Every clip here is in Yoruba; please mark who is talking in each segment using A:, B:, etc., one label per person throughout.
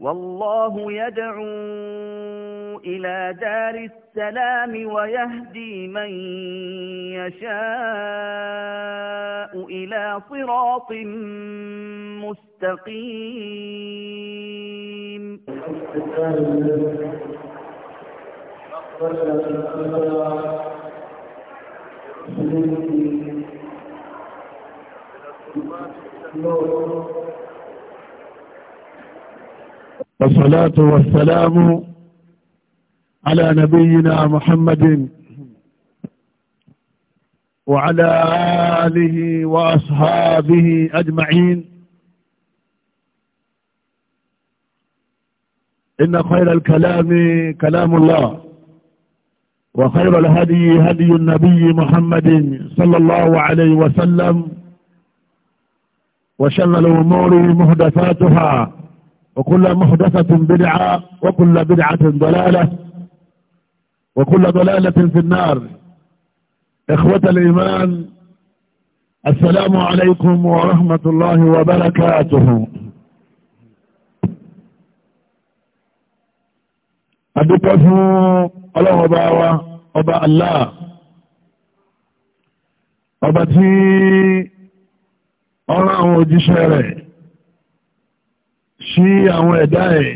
A: والله يدعو إلى دار السلام ويهدي من يشاء إلى صراط مستقيم Thank you. والصلاة والسلام على نبينا محمد وعلى آله وأصحابه أجمعين إن خير الكلام كلام الله وخير الهدي هدي النبي محمد صلى الله عليه وسلم وشل الأمور مهدفاتها وكل محدثة بدعة وكل بدعة ضلالة وكل ضلالة في النار إخوة الإيمان السلام عليكم ورحمة الله وبركاته adúpẹ́ الله ọlọ́run أبا الله أبتي Allah ọba tí sí àwọn ẹ̀dá ẹ̀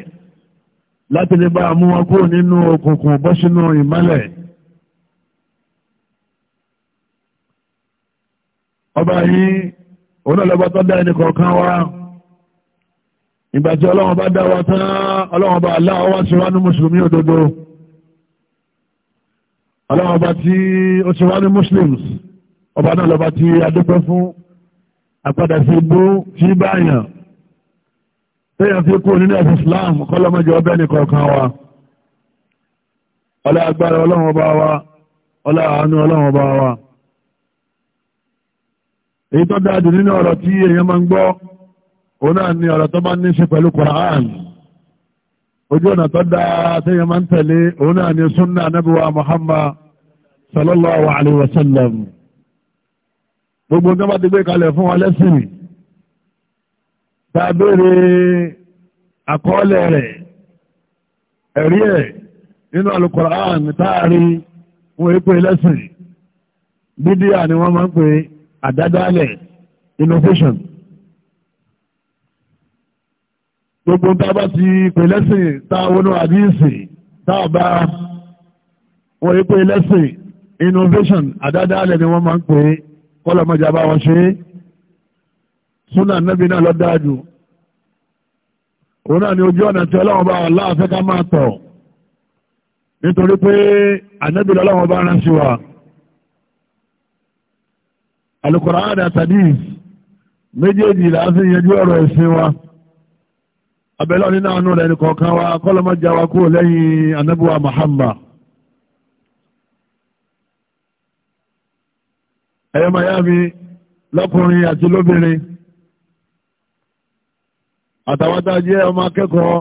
A: láti lè bá mú wọn kúrò nínú òkùnkùn bọ́ sínú ìmọ́lẹ̀ ọba yìí onílọ́lọ́bọ́ tó dá ẹni kọ̀ọ̀kan wá ìgbà tí ọlọ́wọ́n bá dá wa tán ọlọ́wọ́n bá aláwọ̀ wá sí wá mùsùlùmí òdodo ọlọ́wọ́n bá tí ó ti wá ní ọba náà lọ́ba tí adúpẹ́ fún àpadà ibú tí báyàn tẹ́yàn fi kú nínú ẹ̀sìn Islam kọ́lọ́mọ́jọ ọbẹ̀ nìkọ̀ọ̀kan wa ọlá agbára ọlọ́run ọba wa ọlá àánú ọlọ́run ọba wa èyí tó dáadì nínú ọ̀rọ̀ tí èèyàn máa ń gbọ́ òun náà ni ọ̀rọ̀ tó máa ń ní ṣe pẹ̀lú Quran ojú ọ̀nà tó dáa tẹ́yàn máa ń tẹ̀lé òun náà ni sunna anábíwá Muhammad sallallahu alayhi wa gbogbo nǹkan bá gbé kalẹ̀ fún wa lẹ́sìn tàbíre àkọọ́lẹ̀ rẹ̀ ẹ̀rí ẹ̀ nínú Al-Qur'an táàrí wọ́n èpè lẹ́sìn bídíà ni wọ́n máa ń pè àdádálẹ̀ innovation gbogbo tábà ti pè lẹ́sìn táwọn àdíyèsí táàbà wọ́n èpè lẹ́sìn innovation àdádálẹ̀ ni wọ́n máa ń pè kọ́lọ̀mọjà bá wọn ṣe é súnà nẹ́bí náà lọ dáájú òun náà ni ojú ọ̀nà tí ọlọ́run bá Allah fẹ́ ká máa tọ̀ nítorí pé ànẹ́bí lọ́lọ́run bá rán sí wa Al-Qur'an àti hadith méjèèjì là yanjú ọ̀rọ̀ ẹ̀sìn wa abẹ́lẹ́ nínú àánú rẹ̀ ní kọ̀ọ̀kan wa kọ́lọ́mọ́jà wa kúrò lẹ́yìn anábíwá Muhammad ẹ̀yọ́ mayami lọ́kùnrin àti lóbìnrin àtàwọn tá a jẹ́ ọmọ akẹ́kọ̀ọ́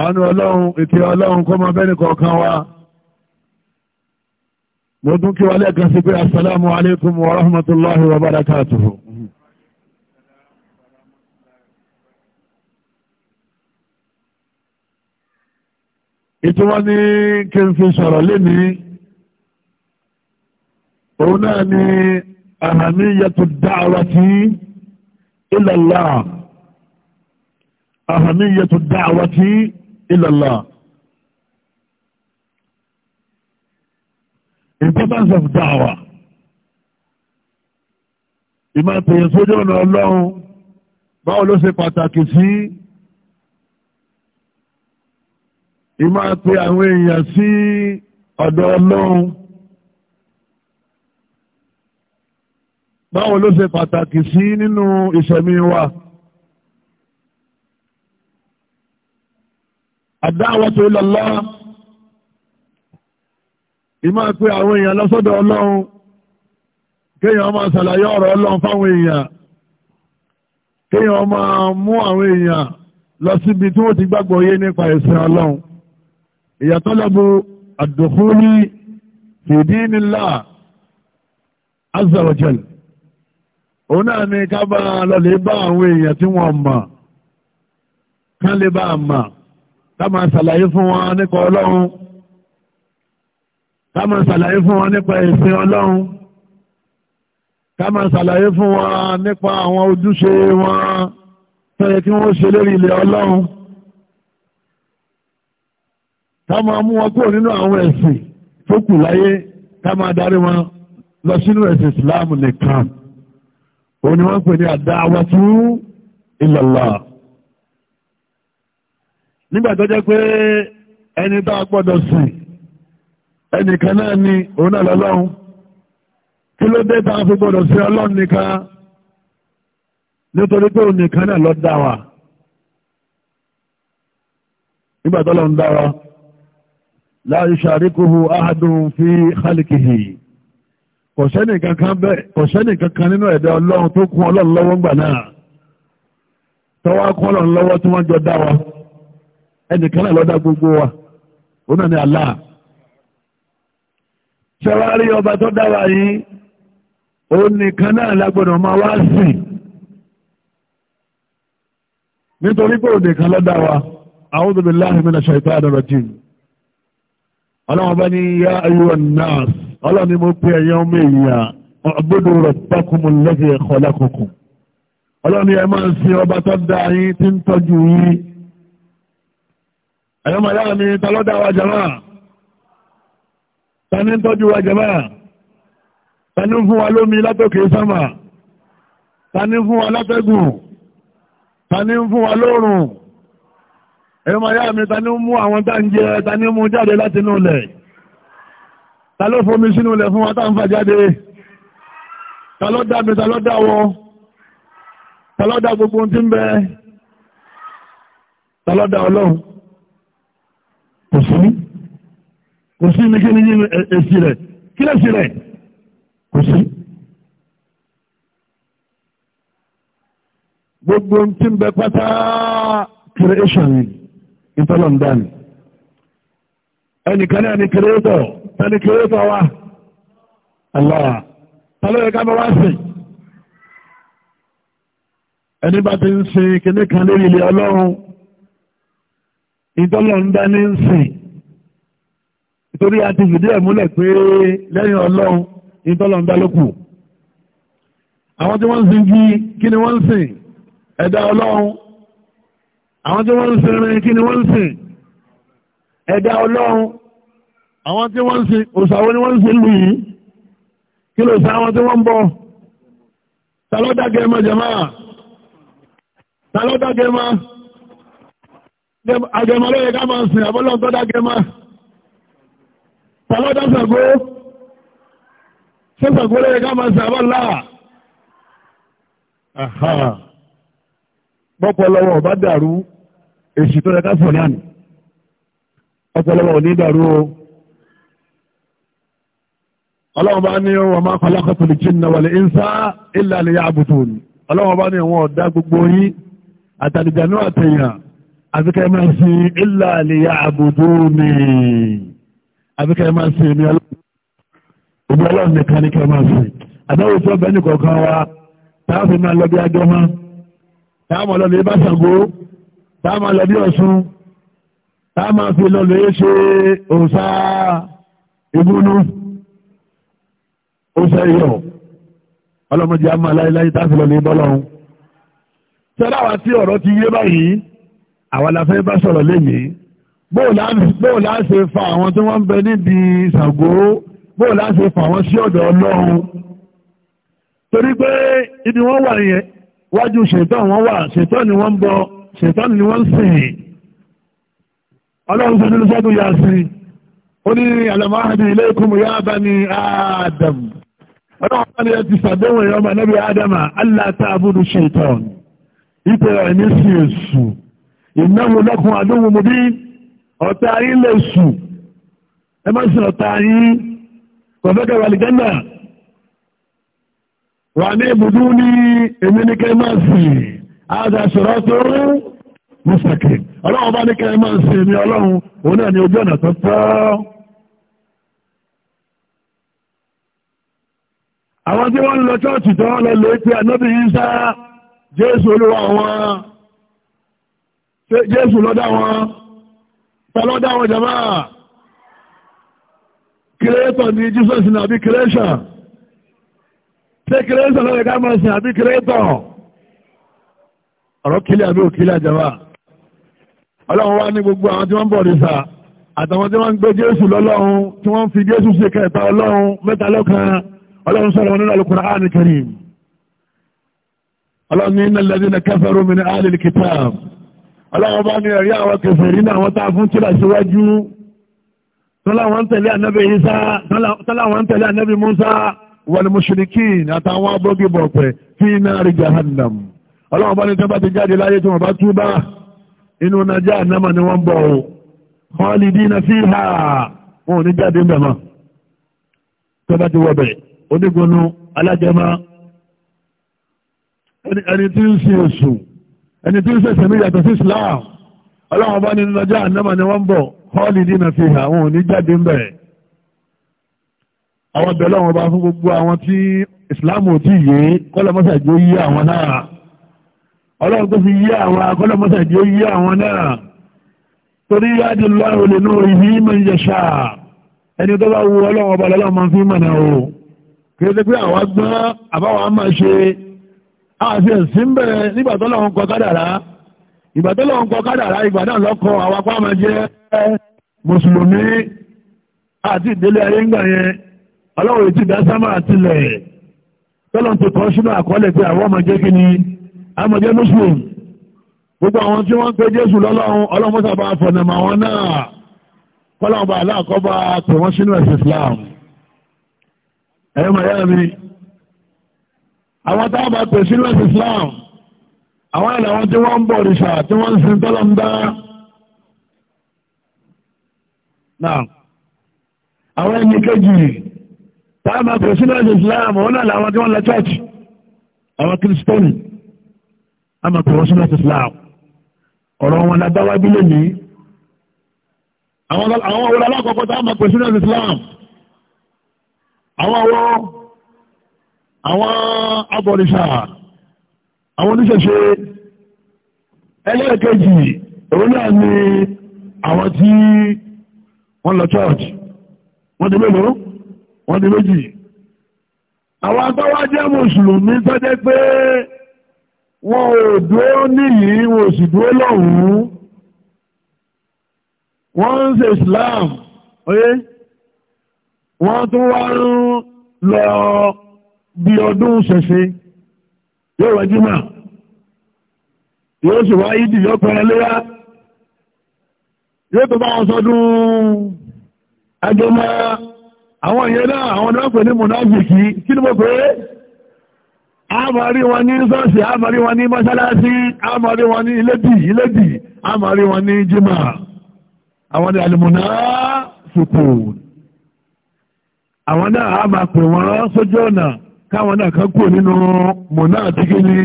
A: àánú ọlọ́run ìkẹ́ ọlọ́run kọ́ máa bẹ́ẹ̀ nìkan kan wá mo tún kí wa lẹ́ẹ̀kan sí pé asalaamu alaykum wa rahmatulahi wa barakatuhu. ìtí ní kí n fi sọ̀rọ̀ lénìí òun náà ni àhàmíyàtò dáhàwá tí. إلا الله أهمية الدعوة إلا الله importance of da'wa ìmọ̀ àtẹ̀yẹ̀ sójú ọ̀nà ọlọ́run báwo ló ṣe pàtàkì sí ìmọ̀ àti àwọn èèyàn sí ọ̀dọ̀ ọlọ́run. báwo ló ṣe pàtàkì sí nínú ìṣẹ̀mí wa àdáwọ̀tò lọ́lọ́ ìmá pé àwọn èèyàn lọ́sọ́dọ̀ ọlọ́run kéèyàn máa ṣàlàyé ọ̀rọ̀ ọlọ́run fáwọn èèyàn kéèyàn máa mú àwọn èèyàn lọ síbi tí wọ́n ti gbàgbọ́ yé nípa ẹ̀sìn ọlọ́run ìyàtọ̀ lọ́bu àdùkú ní fìdí nílá azza òun náà ni ká bá lọlẹ̀ bá àwọn èèyàn tí wọ́n mọ̀ kán lè bá mọ̀ ká máa ṣàlàyé fún wọn nípa ọlọ́run ká máa ṣàlàyé fún wọn nípa ẹ̀sìn ọlọ́run ká máa ṣàlàyé fún wọn nípa àwọn ojúṣe wọn tó yẹ kí wọ́n ṣe lórí ilẹ̀ ọlọ́run ká máa mú wọn kúrò nínú àwọn ẹ̀sìn tó kù láyé ká máa darí wọn lọ sínú ẹ̀sìn Islam nìkan òun ni wọ́n ń pè ní àdáwọ́tú ìlọ̀lọ̀ nígbà tó jẹ́ pé ẹni tá a gbọ́dọ̀ sìn ẹnìkan náà ni òun náà lọ́lọ́run kí ló dé tá a fi gbọ́dọ̀ sí ọlọ́run nìkan nítorí pé òun nìkan náà ló dá wa nígbà tó lọ́run dá wa la yushārikuhu ahadun fī khalqihi. kò kankan bẹ́ẹ̀ kò kankan nínú ẹ̀dá ọlọ́run tó kún ọlọ́run lọ́wọ́ ńgbà náà tọ́wọ́ kún ọlọ́run lọ́wọ́ tí gbogbo wa òun náà ni Allah ọba tó dá yìí òun nìkan náà lágbọ́dọ̀ máa wá sìn nítorí pé òun nìkan lọ́dá wa a'udhu billahi minash ọlọ́run bá ní yá ọlọ́ni mo pe ẹ̀yàn ọmọ èèyàn ọgbọ́dọ̀ rẹ̀ pákùnmù lẹ́sẹ̀ ẹ̀kọ́ lákòókùn ọlọ́ni ẹ máa ń sin ọba tó dá yín tí ń tọ́jú yín ẹ̀yọ́ màá yára ni ta ló dá wa jàmá ta ní ń tọ́jú wa jàmá ta ní ń fún wa lómi látòkè sámà ta ní ń fún wa látẹ́gùn ta ní ń fún wa lóòrùn ẹ̀yọ́ màá yára ta ní ń mú àwọn tá ń jẹ ta ní ń mú jáde látinú ilẹ̀ ta ló fomi sínú ilẹ̀ fún wa tá ń fà jáde ta ló dá mi ta ló dá wọ ta ló dá gbogbo tí ń bẹ ta dá ọlọ́run kò sí kò sí ní kí ni e-, èsì rẹ̀ kí lè sí rẹ̀ kò sí. gbogbo tí ń bẹ pátá creation ìtọ́lọ̀ ń dá ni ẹnìkan náà ni creator tani kí ó tọ́ wa Allah tọ́lọ́ yẹ ká bá wá sí ẹni bá ti ń sin kíní kan lórí ilé ọlọ́run ìtọ́lọ̀ ń dání ń sìn nítorí a ti fìdí ẹ̀ múlẹ̀ pé lẹ́yìn ọlọ́run ìtọ́lọ̀ ń dá lókù àwọn tí wọ́n ń sin jí kí ni wọ́n ń sìn ẹ̀dá ọlọ́run àwọn tí wọ́n ń sin rin kí ni wọ́n ń sìn ẹ̀dá ọlọ́run àwọn tí wọ́n ń ṣe òṣàwọ́ ni wọ́n ń ṣe lù yìí kí ló sá àwọn tí wọ́n ń bọ̀ talọ́dàgẹ́mọ jẹ̀má talọ́dàgẹ́mọ agẹ́mọ lóye ká máa sìn àbọ́lọ́ tó dàgẹ́mọ talọ́dàṣàgó sẹ́sàgó lóye ká máa sìn àbọ́lá bọ́pọ̀ lọ́wọ́ ọba dàrú èsì tó yẹ ká fọ̀ náà ni ọpọlọwọ́ ò ní dàrú o ọlọ́run bá ní wọn máa kọlákọ̀ tó lè jìnnà wọlé ìnsá ilẹ̀ àlẹ́yà àbùtò ni ọlọ́run bá ní wọn ọ̀dá gbogbo yín àtàlìjànú àtẹ̀yàn àbíkẹ́ máa ṣe ilẹ̀ àlẹ́yà àbùtò ni àbíkẹ́ máa ṣe ní ọlọ́run nìkan ní kẹ́ máa ṣe àdáwò tó bẹ́ẹ̀ nìkọ̀ọ̀kan wa táwọn máa lọ bí ajọ́ mọ́ táwọn máa lọ lè bá ṣàgó táwọn ó sẹ́yọ̀ ọlọ́mọdé àmọ́ aláìláyé táfìlọ ní bọ́lọ́run tẹ́lá wa tí ọ̀rọ̀ ti yé báyìí àwa la fẹ́ bá sọ̀rọ̀ lẹ́yìn bóò láà ṣe fa àwọn tí wọ́n ń bẹ níbi Ṣàngó bóò láà ṣe fa àwọn sí ọ̀dọ̀ Ọlọ́run torí pé ibi wọ́n wà yẹn wájú ṣètọ́ wọn wà ṣètọ́ ni wọ́n ń bọ ṣètọ́ ni wọ́n ń sìn Ọlọ́run sọ nínú sọ́dún yà sí i ó ní àlàmáhàdì ọlọ́wọ́n ni ẹ ti sàdéhùn ẹ̀yọ́ ọmọ ẹ̀nẹ́bí ádámà aláta abúrú ṣètọ́n ipò ẹ̀ ní sí èṣù ìnáwó lọ́kùn àdóhùn mú bí ọ̀tá yín lè sù ẹ má sì ọ̀tá yín kọ̀fẹ́kẹ̀ wà lìgánà wà ní ibùdó ní èmi ní kẹ́ máa sì ága sọ̀rọ̀ tó ọlọ́wọ́n bá ní kẹ́ máa ọlọ́run òun náà ni ojú ọ̀nà tó tọ́ àwọn tí wọ́n lọ chọ́ọ̀tì tó wọ́n lọ lè pé ànábì Ìsá jésù olúwa wọn jésù lọ́dá wọn tọ́lọ́dá wọn jàmá kìrẹ́tọ̀ ní jesus ní àbí kìrẹ́ṣà ṣé kìrẹ́ṣà lọ́rẹ̀ ká máa sìn àbí kìrẹ́tọ̀ ọ̀rọ̀ kílẹ̀ àbí òkílẹ̀ àjàmá ọlọ́run wá ní gbogbo àwọn tí wọ́n ń bọ̀ nìsà àtàwọn tí wọ́n ń gbé jésù lọ́lọ́run tí wọ́n ń fi jésù ṣe kẹta ọlọ́run mẹ́ta lọ́kan ọlọ́run sọ̀rọ̀ wọn nínú al-Qur'an al-Karim ọlọ́run ní innal ladhina kafaru min ahli al-kitab ọlọ́run bá ní ẹ̀rí àwọn kèfèrí náà wọ́n táa fún tíra síwájú tọ́láwọn ń tẹ̀lé ànábì Isa tọ́láwọn ń tẹ̀lé ànábì Musa wal mushrikin àtàwọn abọ́gi bọ̀pẹ̀ fi nari jahannam ọlọ́run bá ní tẹ́ ti jáde láyé tí wọ́n bá túbá inú na jahannama ni wọ́n bọ̀ khalidina fiha wọn ò ní jáde ń bẹ̀ mọ́ tẹ́ ti wọ̀ bẹ̀rẹ̀ onígbónú alájẹmá ẹni tí ń sin èṣù ẹni tí ń sẹ̀sẹ̀ mí yàtọ̀ sí Islam ọlọ́run bá ní lọ́jọ́ ànámà ni wọ́n ń bọ̀ họ́ọ̀lì dínà fi hàn àwọn òní jáde ń bẹ̀ àwọn bẹ̀rẹ̀ ọ̀hún bá fún gbogbo àwọn tí Islam ò tí yé kọ́lọ́mọ́sàjì ó yí àwọn náà ọlọ́run tó fi yí àwọn akọ́lọ́mọ́sàjì ó yí àwọn náà torí yáàdì lọ́rùn lè ìhí mọ̀ ń yẹ ṣáà ẹni tó bá wu ọlọ́run ọba lọ́lọ́run máa fi mọ̀ náà o kí ló dé pé àwọn gbọ́n àbáwọn á máa ṣe àti ẹ̀sìn bẹ̀rẹ̀ nígbà tó lọ́wọ́ ń kọ kádàrá ìgbà tó lọ́wọ́ ń kọ kádàrá ìgbà náà lọ́kọ àwọn apá máa jẹ́ mùsùlùmí àti ìdílé ayé ń gbà yẹn ọlọ́wọ́ ètí ìdásámà àtìlẹ̀ tọ́lọ̀ ti kọ́ sínú àkọọ́lẹ̀ pé àwọn ọmọ jẹ́ kí ni àmọ́ jẹ́ mùsùlùmí gbogbo àwọn tí wọ́n pe jésù lọ́lọ́run ọlọ́mọ́sàbà islam ẹ̀yọ́ màá yára mi àwọn táwọn bá pè sí lọ́sí Islam àwọn ẹ̀rọ àwọn tí wọ́n ń bọ̀ òrìṣà tí wọ́n ń sin tọ́lọ́ ń dá náà àwọn ẹni kejì táwọn bá pè sí lọ́sí Islam òun náà làwọn tí wọ́n lọ church àwọn kírísítẹ́nì àmọ́ pè wọ́n sí lọ́sí Islam ọ̀rọ̀ wọn la dáwà bí lónìí àwọn ọ̀rọ̀ alákọ̀ọ́kọ́ táwọn bá pè sí Islam àwọn ọwọ́ àwọn abọ̀rìṣà àwọn oníṣẹ̀ṣe ẹlẹ́ẹ̀kejì òun náà ni àwọn tí wọ́n lọ church wọ́n di mélòó wọ́n di méjì àwọn agbáwá jẹ́ mùsùlùmí tó jẹ́ pé wọn ò dúró níyì wọn ò sì dúró lọ́hùn-ún ń ṣe Islam oyé. Okay? wọ́n tún wá ń lọ bí ọdún ṣẹ̀ṣẹ̀ yóò wá jímà yóò sì wá ìdí yóò pẹ̀rẹ̀ léyà yóò tó bá wọn sọdún agẹmọ́ àwọn ìyẹn náà àwọn náà ní mùnáfìkì kí ni mo pè é àmàrí wọn ní sọ́ọ̀sì àmàrí wọn ní mọ́ṣáláṣí àmàrí wọn ní ilédì ilédì àmàrí wọn ní jímà àwọn ni àlùmùnáfìkùn àwọn náà a máa pè wọ́n sójú ọ̀nà káwọn náà kan kúrò nínú mọ̀nà ní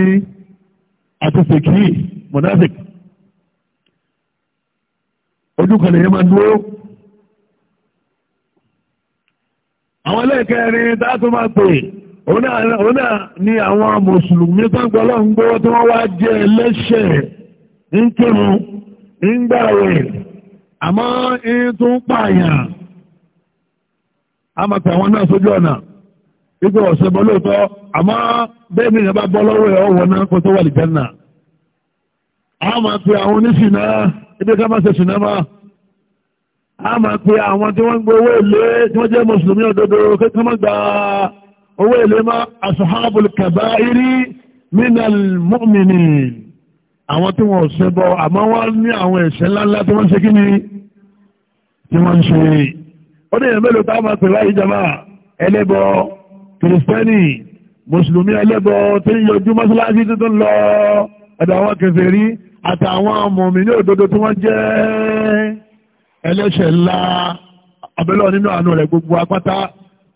A: àtìsèkì mọ̀nàfík ojú kan lèyẹ máa dúró àwọn ẹlẹ́ẹ̀kẹrin tá a tún máa pè òun náà ni àwọn mùsùlùmí tó ń gbọ́ lọ́n gbọ́ tí wọ́n wá jẹ́ ń kírun ń a máa pè àwọn náà sójú ọ̀nà wípé ọ̀sẹ̀ bọ́ lóòótọ́ àmọ́ bẹ́ẹ̀ mi ìyẹn bá bọ́ lọ́wọ́ ẹ̀ ọ̀wọ́ náà kó tó wà lìjẹ́ náà a máa pè àwọn oníṣìná ibi ká máa ṣe ṣìná máa a máa pè àwọn tí wọ́n ń gbé owó èlé tí wọ́n jẹ́ mùsùlùmí òdodo kí wọ́n máa gba owó èlé má ashabul kabairi minal mu'minin àwọn tí wọ́n ò ṣẹbọ àmọ́ wọ́n ní àwọn ẹ̀ṣẹ̀ ńláńlá tí wọ́n ṣe kí ó ní èèyàn mélòó táwọn máa pè láyé jama ẹlẹ́bọ kìrìsìtẹ́nì mùsùlùmí ẹlẹ́bọ tí ń yọjú mọ́ṣáláṣí tuntun lọ ọ̀dọ̀ àwọn kèfèrí àtàwọn mùmínì òdodo tí wọ́n jẹ́ ẹlẹ́ṣẹ̀ ńlá abẹ́lẹ́ nínú àánú rẹ̀ gbogbo apáta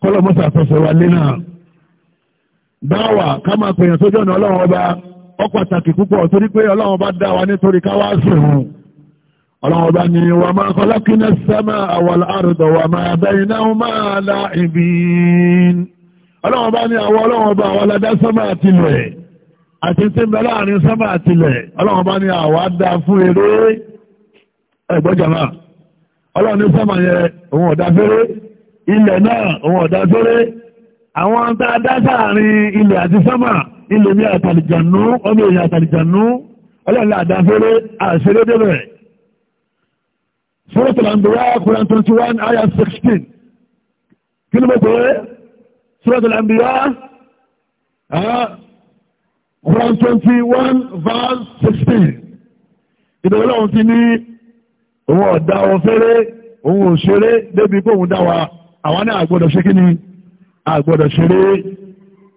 A: kọ́lọ́mọ́sà fẹsẹ̀ wà lé náà dáwà ká máa pèèyàn sójú ọ̀nà ọlọ́run ọba ó ọlọ́run bá ní wà máa kọlákínà sẹ́mà àwọn àrùdọ̀ wà máa bẹ̀yìn náà máa la ìbí ọlọ́run bá ní àwọn ọlọ́run bá àwọn aládá sẹ́mà àtìlẹ̀ àti tí ń bẹ láàrin sẹ́mà àtìlẹ̀ ọlọ́run bá ní àwọn adá fún eré ẹgbẹ́jọba ọlọ́run ní sẹ́mà yẹ òun ọ̀dá fẹ́rẹ́ ilẹ̀ náà òun ọ̀dá fẹ́rẹ́ àwọn tá a dá sáàrin ilẹ̀ àti sẹ́mà ilẹ̀ mi àtàlìjànú ọmọ èèyàn àtàlìjànú ọlọ́run Suratul Anbiya Quran 21 ayah 16 kí ló bó pé Suratul Anbiya ah, Quran 21 verse 16 ìdọ̀wọ́lá òun ti ní òun ọ̀dá òun fẹ́rẹ́ òun òṣèré débi pé òun dáwà àwọn náà àgbọ̀dọ̀ ṣe kí ni àgbọ̀dọ̀ ṣeré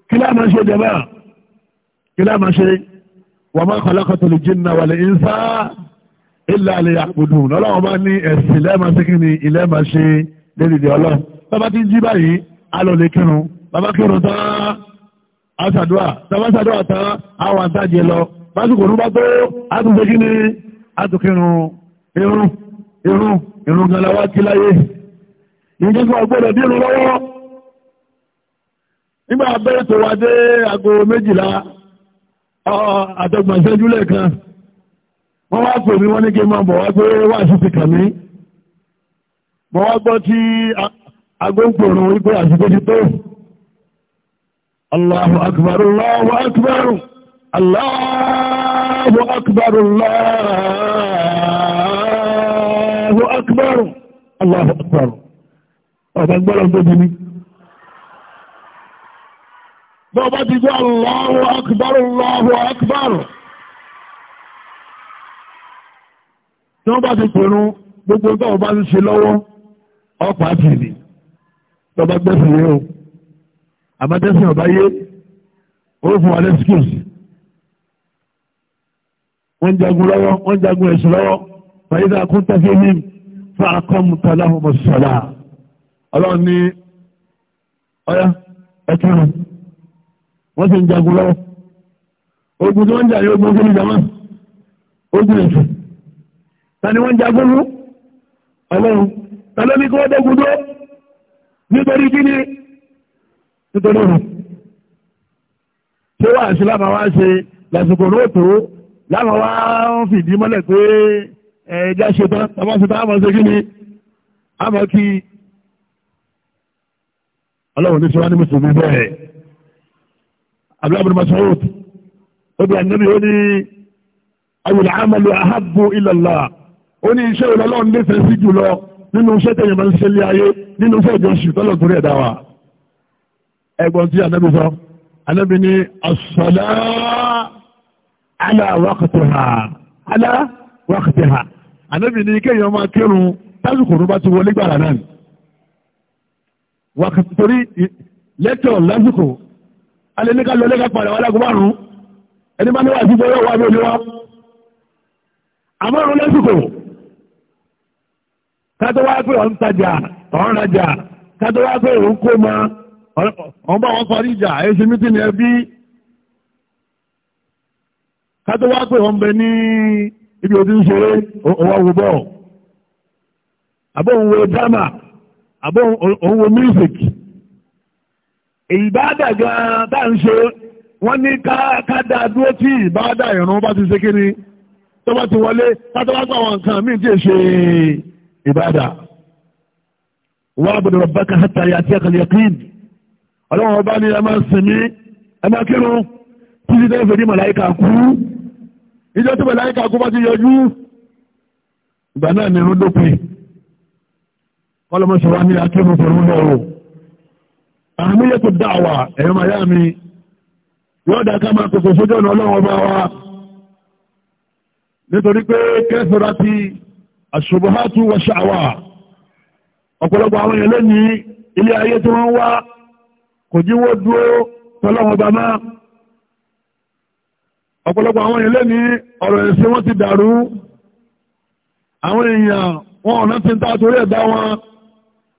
A: kí láàmà ṣe jẹba kí láàmà ṣe wa ma khalaqatul ilẹ̀ alẹ́ àpòdù lọ́lọ́wọ́ bá ní ẹ̀sìn ilẹ̀ máa ṣe kí ni ilẹ̀ máa ṣe lédìdì ọlọ́run bàbá ti ń jí báyìí alọ́lẹ̀ kírun bàbá kírun tán aṣàdúrà bàbá aṣàdúrà tán àwọn àtàjẹ lọ básìkò ní bá tó àtúnṣe kí ni àtúnkírun irun irun irun galawa kí láyé ìjọ fún ọgbọ́dọ̀ dínú lọ́wọ́ nígbà abẹ́rẹ́ tó wá dé aago méjìlá àtọgbọ̀nsẹ́jú lẹ́ẹ̀kan wọ́n wá pè mí wọ́n ní kí n máa bọ̀ wá pé wáàsí ti kàn mí mo wá gbọ́ tí agbóǹkòrò wípé àsìkò ti tó Allahu akbar Allahu akbar Allahu akbar Allahu akbar Allahu akbar ọ̀dá gbọ́rọ̀ tó bí ní bọ́ ti gbọ́ Allahu akbar Allahu akbar tí wọ́n bá ti pèrún gbogbo tó bá ti ṣe lọ́wọ́ ọ̀pá tì ní tó bá gbẹ́sìn yé o àmọ́tẹ́sìn ọ̀bá yé ó fún wa lẹ́síkìsì wọ́n jagun lọ́wọ́ wọ́n jagun ẹ̀sùn lọ́wọ́ fàyídà kún tẹ́fẹ́ ní fàákọ́mù tàláhùmọ̀ sọ̀lá ọlọ́run ní ọyá ẹ̀kẹ́rùn wọ́n sì ń jagun lọ́wọ́ ogun tí wọ́n jà yóò gbógun ní jama ogun ẹ̀sùn tani wọ́n jagun mú ọlọ́run tàlómi kí wọ́n dógun dó nítorí kí ni nítorí òun ṣé wàá sí láwọn wá ṣe lásìkò róòtò láwọn wá ń fìdí mọ́lẹ̀ pé ẹ̀ẹ́dá ṣetán tàbá ṣetán àmọ́ ṣe kí ni àmọ́ kí ọlọ́run ní sọ wá ní mùsùlùmí bẹ́ẹ̀ abúlábùrù masáwòtì ó bí ànábì ó ní awùlẹ̀ àmàlù àhábù ilẹ̀ Allah ó ní iṣẹ́ ìlọ́lọ́run nífẹ̀ẹ́ sí jùlọ nínú iṣẹ́ tẹ̀yìn máa ń ṣe lé ayé nínú iṣẹ́ ìjọsìn tọ́lọ̀ torí ẹ̀dá wa ẹgbọ́n tí anábì sọ anábì ní as-sala ala waqtiha ala waqtiha anábì ní kéèyàn máa kírun tásìkò tó bá ti wọlé gbàrà náà ni torí lẹ́tọ̀ lásìkò alẹ́ ní ká lọ lẹ́ka padà wà lágùn márùn-ún ẹni bá ní wà sí wà ní olúwa àmọ́rún lásìkò kátó wá pé ọ̀n tajà ọ̀n rajà kátó wá pé òun kó ma ọ̀n bá wọn parí ìjà ẹ mítí ni ẹbí kátó wá pé ọ̀n bẹ ní ibi òtí ń ṣeré ọwọ́ wo bọ̀ àbọ̀ òun wo drama àbọ̀ òun wo music èyí bá dàgbà tá à ń ṣe wọ́n ní ká dáa dúró tí ìbá ìrún bá ti ṣe kí ni tó bá ti wọlé kátó wá pé àwọn nǹkan míì tí ṣe é ìbáàdà wa'budu rabbaka hatta ya'tiyaka al-yaqin ọlọ́wọ́n ọba ni ẹ máa ń sinmi ẹ máa kírun títí tẹ́ fẹ́ ní màláìka kú ìjọ tí màláìka kú bá ti yọjú ìgbà náà ni irun dópin kọ́lọ́mọṣẹ́ wa ní akírun fẹ̀rún náà o àmúyẹ́tò dáwà ẹ̀yọ́ màá yá mi yóò dá ká máa kòkò sójú ọ̀nà ọlọ́wọ́n ọba wa nítorí pé kẹ́sọ̀rọ̀ ti àṣùbọ̀hátù wọ ṣàwà ọ̀pọ̀lọpọ̀ àwọn èèyàn lónìí ilé ayé tí wọ́n wá kò jíwó dúró tọ́lọ́wọ́n bá máa ọ̀pọ̀lọpọ̀ àwọn èèyàn lónìí ọ̀rọ̀ ẹ̀sìn wọn ti dàrú àwọn èèyàn wọn ọ̀nà ti ń ta torí ẹ̀dá wọn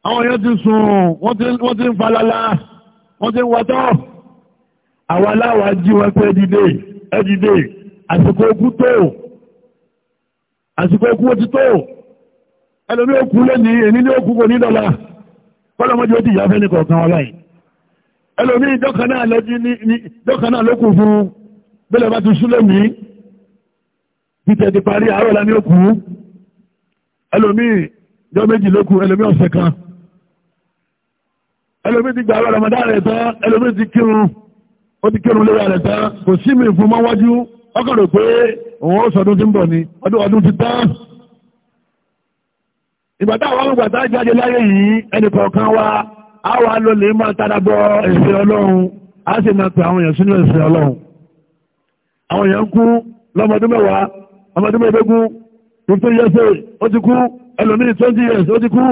A: àwọn èèyàn ti sùn wọ́n ti ń falala wọ́n ti ń watọ́ àwa aláwa jí wọn pé ẹ dìde ẹ dìde àsìkò òkú tó àsìkò okú ó ti tó ẹlòmí okú lẹ́ni èní ní okú kò ní dọ́là kọ́lọ́mọ́jú ó ti yà fẹ́ni kọ̀ọ̀kan wọn báyìí ẹlòmí dọ́kan náà lókù fún bẹ́lẹ̀ bá ti súlẹ̀ mí títẹ̀ ti parí àárọ̀ lá ní okú ẹlòmí jọ méjì lókù ẹlòmí ọ̀sẹ̀ kan ẹlòmí ti gbà àárọ̀ rẹ̀ tán ẹlòmí ti kírun ó ti kírun lórí rẹ̀ tán kò sí mi fún mọ́wájú ọkàn rò pé òun ó sọdún tí ń bọ̀ ni ọdún ọdún ti tán ìgbà táwọn ọmọ ìgbàtà jáde láyé yìí ẹnìkọ̀ọ̀kan wa á wà ló lè máa tara bọ ẹ̀sìn ọlọ́run á sì máa pe àwọn èèyàn sínú ẹ̀sìn ọlọ́run àwọn èèyàn kú lọ́mọdún mẹ́wàá ọmọdún mẹ́ẹ̀ẹ́dógún fifteen years old ó ti kú ẹlòmíì twenty years ó ti kú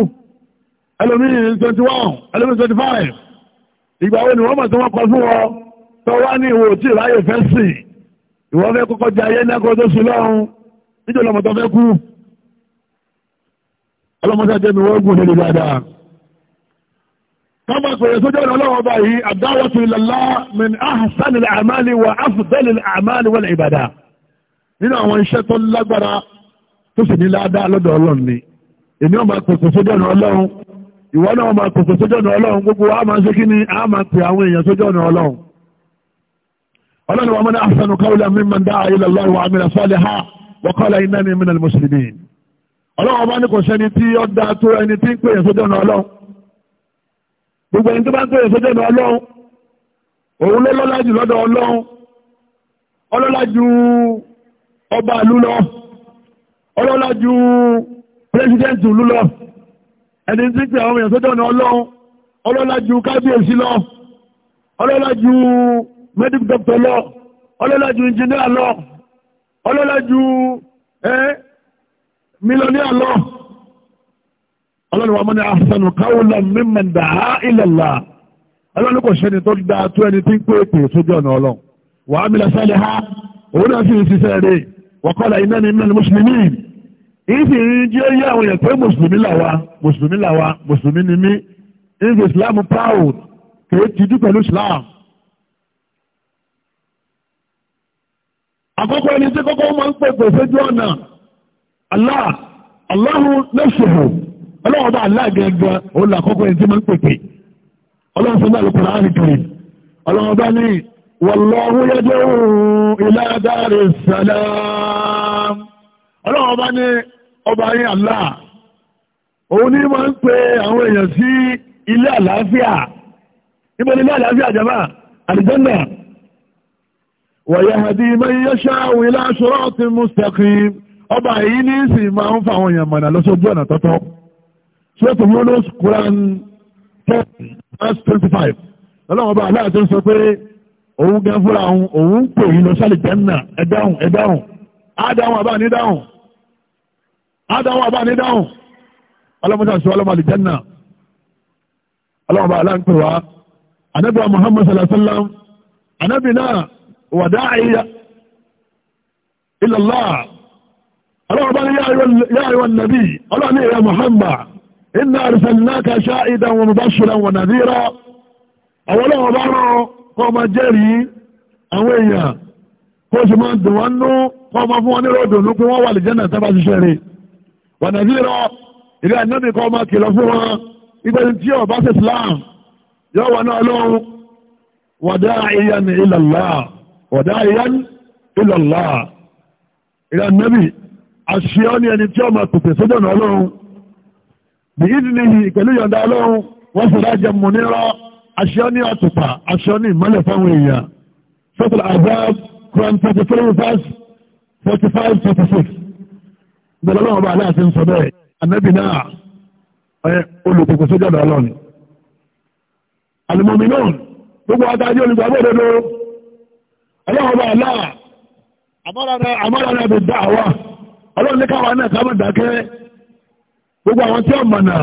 A: ẹlòmíì twenty one ẹlòmíì twenty five ìgbà wo ni wọ́n mọ̀ tí wọ́n kọ fún ọ tọ́wá ní ìwò tí ìráyè fẹ́ sìn ìwọ́n fẹ́ kọ́kọ́ jẹ ayé náà kó tó sí lọ́run nítorí ọmọ fẹ́ kú ọlọ́mọdé jẹ́ mi wọ́n gùn nílé dáadáa kọ́mọ pèrè sójú ọ̀nà ọlọ́wọ́ báyìí ad-da'watu ilallah min ahsanil nínú àwọn iṣẹ́ tó lágbára tó sì ní ládàá lọ́dọ̀ ọlọ́run ni èmi ọmọ pèsè sójú ọ̀nà ọlọ́run ìwọ náà ọmọ pèsè sójú ọ̀nà ọlọ́run gbogbo wa máa ń ṣe kí ni a máa pè àwọn èèyàn sójú ọ̀nà ọlọ́run wa mọ́nà ahsanu qawlan mimman da'a ila Allah wa amila salihan wa qala innani minal muslimin ọlọ́run ọba ní kò sẹ́ni tí ó da tó ẹni tí ń pè yẹn sójú ọ̀nà ọlọ́run gbogbo ẹni tó bá ń pè yẹn sójú ọ̀nà ọlọ́run òun ló lọ́lá jù lọ́dọ̀ ọlọ́run ọlọ́lá ju ọba ìlú lọ ju pírẹsidẹ́ǹtì ìlú ẹni tí ń pè medic doctor lọ ọlọ́lá ju engineer lọ ọlọ́lá ju millionaire lọ ọlọ́lọ́wọ́ mọ́ni ahsanu qawlan mimman da'a ila Allah ọlọ́lọ́ kò ṣẹ́ni tó dáa tó ẹni tí ń pè pè sójú ọ̀nà ọlọ́ wa amila salihan òun náà sì ń ṣiṣẹ́ rẹ̀ wa qala innani minal muslimin ìsì jẹ́ yí àwọn èèyàn pé mùsùlùmí làwa mùsùlùmí làwa mùsùlùmí ni mí ìsì islam proud kìí tìjú pẹ̀lú islam Akọkọ ẹni tí kọ́kọ́ máa ń pè pè sójú ọ̀nà Allah Allahu ọba ọlọ́wọ́ bá Allah gẹ́gẹ́ òun làkọ́kọ́ ẹni tí máa ń pè pè ọlọ́wọ́ sọ́nà àlùkùrá àríkìrì ọlọ́wọ́ bá ní wallahu yad'u ila ọlọ́wọ́ bá ní ọba yín Allah òun ni máa ń pe àwọn èèyàn sí ilé àlàáfíà ni ويهدي من يشاء إلى صراط مستقيم ọba èyí ní sì máa ń fa àwọn èèyàn mọ̀nà lọ sójú ọ̀nà tọ́tọ́ ṣéètò yunus quran ten verse twenty five ọlọ́run ọba aláàtí ń sọ pé òun gan fúnra òun òun pè yín lọ sálì jẹ́nà ẹ̀dáhùn ẹ̀dáhùn ádáhùn àbá nídáhùn ádáhùn àbá nídáhùn ọlọ́mọdé sọ ọlọ́mọ àlì jẹ́nà ọlọ́run ọba aláàtí wá anábìá muhammad sallallahu alayhi wa sallam anábìá náà. وداعية إلى الله الله أبني يا أيها النبي الله يا محمد إنا أرسلناك شاهدا ومبشرا ونذيرا أولا وبارا قوم جري أويا kóòsù máa ń dùn wọn nú kọ́ máa fún wọn ní ròdùn ní kí wọ́n wà lè jẹ́nà tábà ṣiṣẹ́ rí wọ̀nà sí rọ ilé ànábì kọ́ máa kìlọ̀ fún wọn ibẹ̀ tí ọba sí Islam yọ wọn náà lọ́wọ́ wọ̀dá ìyá ní ilẹ̀ láà ọ̀dá ìyán ìlọ̀lá ìrànẹ́bì àṣíọ́ ní ẹni tí ó máa pèpè sójọ́nà ọlọ́run bí ìdílé ìpẹ̀lú yọ̀ǹda ọlọ́run wọ́n sì rájẹ mú nírọ́ àṣíọ́ ní àtùpà àṣíọ́ ní ìmọ́lẹ̀ fáwọn èèyàn sọ́tàlá azab Quran thirty three verse forty five forty six gbọ́dọ̀ ọlọ́run ọba aláàfin ń sọ bẹ́ẹ̀ ànẹ́bì náà olùpèpè sójọ́nà ọlọ́run alùmọ̀mí náà gbogbo adájọ́ olùgbàgbọ́ ọlọ́run bá aláà àmọ́lára na dá àwa ọlọ́run ní káwa náà ká má dákẹ́ gbogbo àwọn tí ó mọ̀nà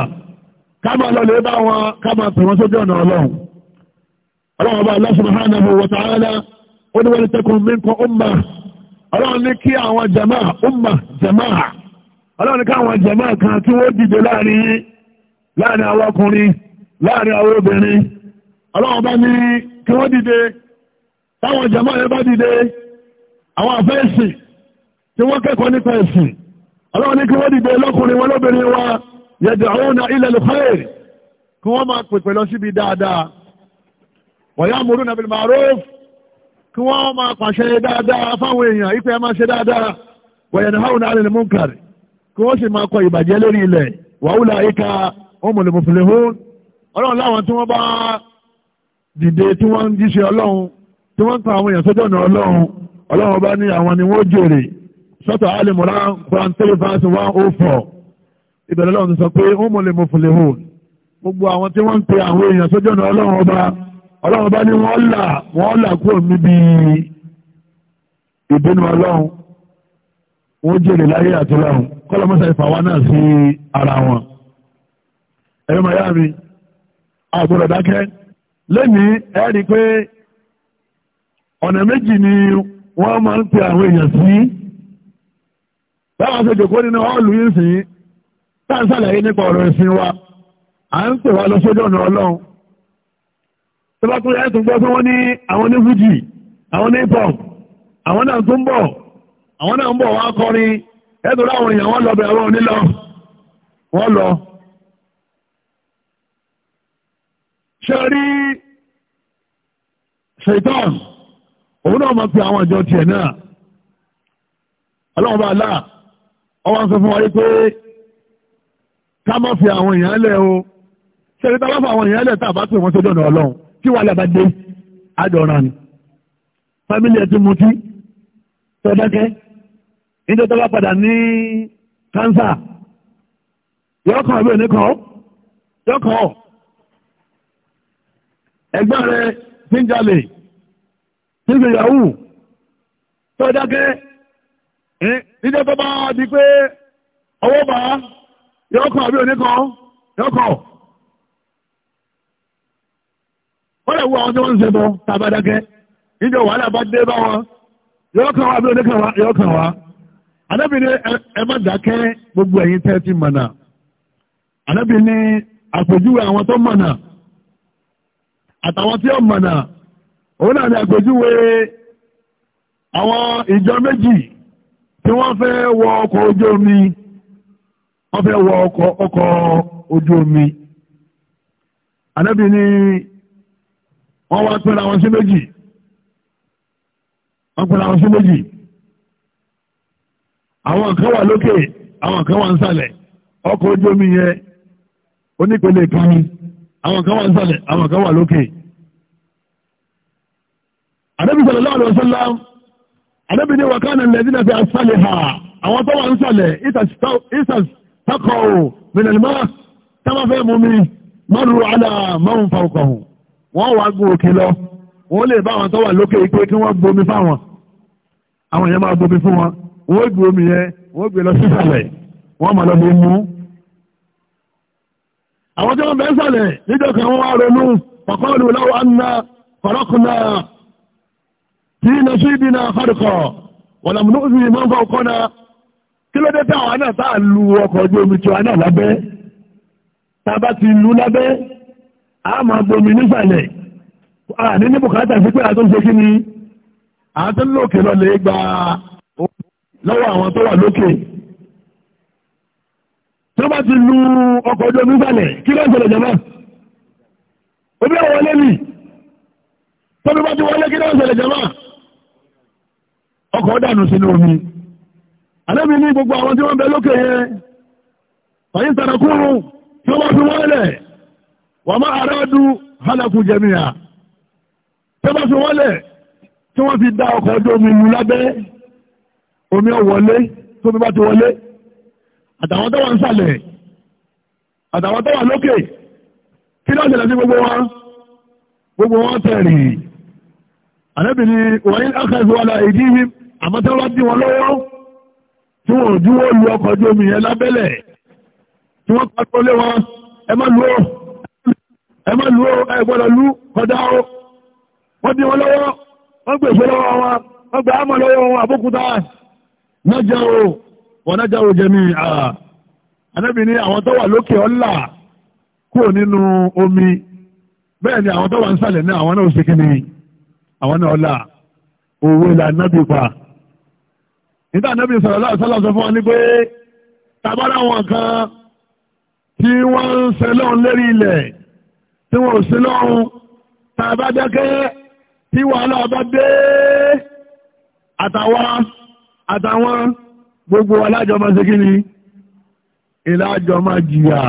A: ká lọ lè bá wọn ká sójú ọ̀nà ọlọ́run ọlọ́run bá ó ní ọlọ́run ní jama ọlọ́run ní káwọn jama kan tí wọ́n dìde láàrin láàrin àwọn ọkùnrin láàrin àwọn obìnrin ọlọ́run bá ní táwọn jàmá yẹn bá dìde àwọn àfẹ́sì tí wọ́n kẹ́kọ̀ọ́ nípa ẹ̀sìn ọlọ́run ní kí wọ́n dìde lọ́kùnrin wọn lóbìnrin wa yad'una ila al-khair kí wọ́n máa pèpè lọ síbi dáadáa wa ya'muruna bil ma'ruf kí wọ́n máa pàṣẹ dáadáa fáwọn èèyàn ìpè ẹ máa ṣe dáadáa wa yanhauna 'anil munkar kí wọ́n sì máa kọ ìbàjẹ́ lórí ilẹ̀ wa ulaika humul muflihun láwọn tí wọ́n bá dìde tí wọ́n ń jíṣẹ́ ọlọ́run tí wọ́n ń ta àwọn èèyàn sójú ọ̀nà ọlọ́run ọlọ́run bá ní àwọn ni wọ́n jèrè sọ́tọ̀ alimura quran three verse one oh four ìbẹ̀rẹ̀ ọlọ́run ti sọ pé ó mọ̀lẹ́ mo fòlè hù gbogbo àwọn tí wọ́n ń pe àwọn èèyàn sójú ọ̀nà ọlọ́run ọba ọlọ́run bá ní wọ́n là wọ́n là kúrò níbi ìbínú ọlọ́run wọ́n jèrè láyé àti lọ́run kọ́lọ́mọ́sá ìfàwa náà sí ara wọn ẹ̀rọ màyá mi àgbọ̀dọ̀ dákẹ́ lẹ́nìí ẹ̀rí pé ọ̀nà méjì ni wọ́n máa ń pe àwọn èèyàn sí báwọn ṣe jòkó nínú ọ́ọ̀lù yìí sí tá ń ṣàlàyé nípa ọ̀rọ̀ ẹ̀sìn wa à ń pè wá lọ sójú ọ̀nà ọlọ́run tó bá tún yẹ tó gbọ́ pé wọ́n ní àwọn ní fújì àwọn ní pọ̀ àwọn náà tún bọ̀ àwọn náà ń bọ̀ wá kọrin ẹ̀dùn láwọn lọ lọ. ṣe rí òun náà máa pe àwọn àjọ tiẹ̀ náà ọlọ́run bá là ọwọ́ sọ fún wa yìí pé ká má fi àwọn èèyàn lẹ̀ o ṣẹ́ni tá a bá fọ àwọn èèyàn lẹ̀ tá a bá pè wọ́n sójú ọ̀nà ọlọ́run tí wàhálà bá dé àjọra ni fámílì ẹ̀ ti mutí tọ́dákẹ́ níjọ́ tó bá padà ní kánsà yọkàn àbí òní kan yọkàn ẹgbẹ́ rẹ̀ tí ń nígbè yahoo tó dákẹ́ níjẹ́ tó bá di pé ọwọ́ bá yọkọ̀ àbí oníkọ̀ yọkọ̀ wọ́n lè àwọn tí wọ́n ń ṣe bọ́ tàbá dákẹ́ níjẹ́ wàhálà bá dé bá wọn yọkọ̀ àbí oníkọ̀ yọkọ̀ wa anábìnrin ẹ dákẹ́ gbogbo ẹ̀yin tẹ́ ti mọ̀nà anábìnrin àpèjúwe àwọn tó mọ̀nà àtàwọn tí ó mọ̀nà. òun náà ni àpèjúwe àwọn ìjọ méjì tí wọ́n fẹ́ wọ ọkọ̀ ojú omi wọ́n fẹ́ wọ ọkọ̀ ojú omi ànábì ni wọ́n wá pẹ́ra wọn sí méjì wọ́n pẹ́ra wọn sí méjì àwọn kan wà lókè omi yẹn onípele kan ni àwọn kan wà àwọn Ànábì sallallahu alaihi wasallam Ànábì ní wa kana alladhina fi asfaliha àwọn tó wà ń sàlẹ̀ ìsàs takọ̀ min al-ma' tábà fẹ́ mú mi marru ala man fawqahum wọ́n wá gùn òkè lọ wọ́n lè bá àwọn tó wà lókè pé kí wọ́n gbomi fáwọn àwọn èèyàn máa gbomi fún wọn wọ́n gbé omi yẹn wọ́n gbé lọ sísàlẹ̀ wọ́n máa lọ bí mú àwọn tí wọ́n bẹ́ẹ̀ sàlẹ̀ níjọ́ kan wọ́n wá ronú faqalu law anna faraqna fi nasibina kharqa walam nu'zi man fawqana kí ló dé táwọn náà tá à lu ọkọ̀ ojú omi tiwa náà lábẹ́ tá a bá ti lu lábẹ́ a máa gbomi nísàlẹ̀ a ní ní bùkátà sí pé a tó ń ṣe kí ni a tó ń lòkè lọ lè gba ọkọ̀ dànù sínú omi alẹ́bí ní gbogbo àwọn tí wọ́n bẹ lókè yẹn ọ̀yìn tàràkùrù tí wọ́n fi wọ́n lẹ̀ wọ́n máa aráàdú hálàkù jẹ̀míà tí wọ́n fi wọ́n lẹ̀ tí wọ́n fi dá ọkọ̀ ojú omi lu lábẹ́ omi ọ̀wọ́lé tó bí bá ti wọlé àtàwọn tó wà ń sàlẹ̀ àtàwọn tó wà lókè kí ló ṣẹlẹ̀ sí gbogbo wọn gbogbo wọn tẹ̀rì alẹ́bí ní wọ́n yín àmọ́ tí wọ́n bá dí wọn lọ́wọ́ tí wọ́n ò dúró lu ọkọ̀ ojú omi yẹn lábẹ́lẹ̀ tí wọ́n pàtó lé wọn ẹ má lu ó ẹ má lu ó ẹ gbọ́dọ̀ lu kọjá ó wọ́n dí wọn lọ́wọ́ wọ́n gbèsè lọ́wọ́ wọn wọ́n gbà á mọ̀ lọ́wọ́ wọn àbókúta náà jẹ́ wọ́n náà jẹ́ o jẹ́ mi àwọn tó wà lókè ọ̀la kúrò nínú omi bẹ́ẹ̀ ni àwọn tó wà ń sàlẹ̀ ní àwọn náà ó ṣe kí ni àwọn náà ọ̀la òwe là nábì pa nígbà anábì sọ̀rọ̀ láàṣọ́lá sọ fún wa ní pé tabára wọn kan tí wọ́n ń ṣe lọ́run lérí ilẹ̀ tí wọ́n ò ṣe lọ́run tàbá tí wàhálà bá dé àtàwa àtàwọn gbogbo alájọ máa ṣe ni ìlàjọ máa jìyà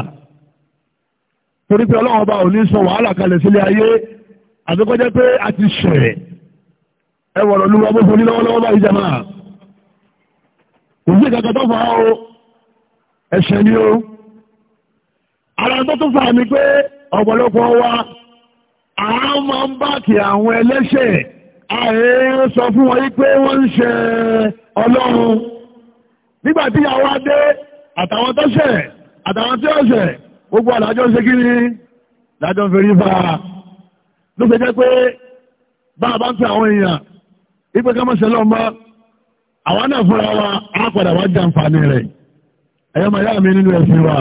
A: torí pé ọlọ́run ọba ò ní sọ wàhálà kalẹ̀ sílé ayé àti kọjá pé a ti ṣẹ̀ ẹ wọ̀rọ̀ lu wa bó fún ní lọ́wọ́lọ́wọ́ báyìí jẹ́ máa kò sí ìkàkà tó fà á o ẹ̀ṣẹ̀ ni o ara tó tó fà á ni pé ọ̀pọ̀lọpọ̀ wa a máa ń báàkì àwọn ẹlẹ́ṣẹ̀ ààrẹ sọ fún wọn yí pé wọ́n ń ṣe ọlọ́run nígbà tí àwa dé àtàwọn tó ṣẹ̀ àtàwọn tí ó ṣẹ̀ gbogbo àdájọ́ ṣe kí ni lájọ́ ń ferí fa ló ṣe jẹ́ pé bá a bá ń pe àwọn èèyàn wípé ká mọ̀ ṣẹlẹ̀ ọmọ àwọn náà fúnra wa á padà wá jàǹfààní rẹ̀ ẹ̀yọ́ máa yá mi nínú ẹ̀sìn wa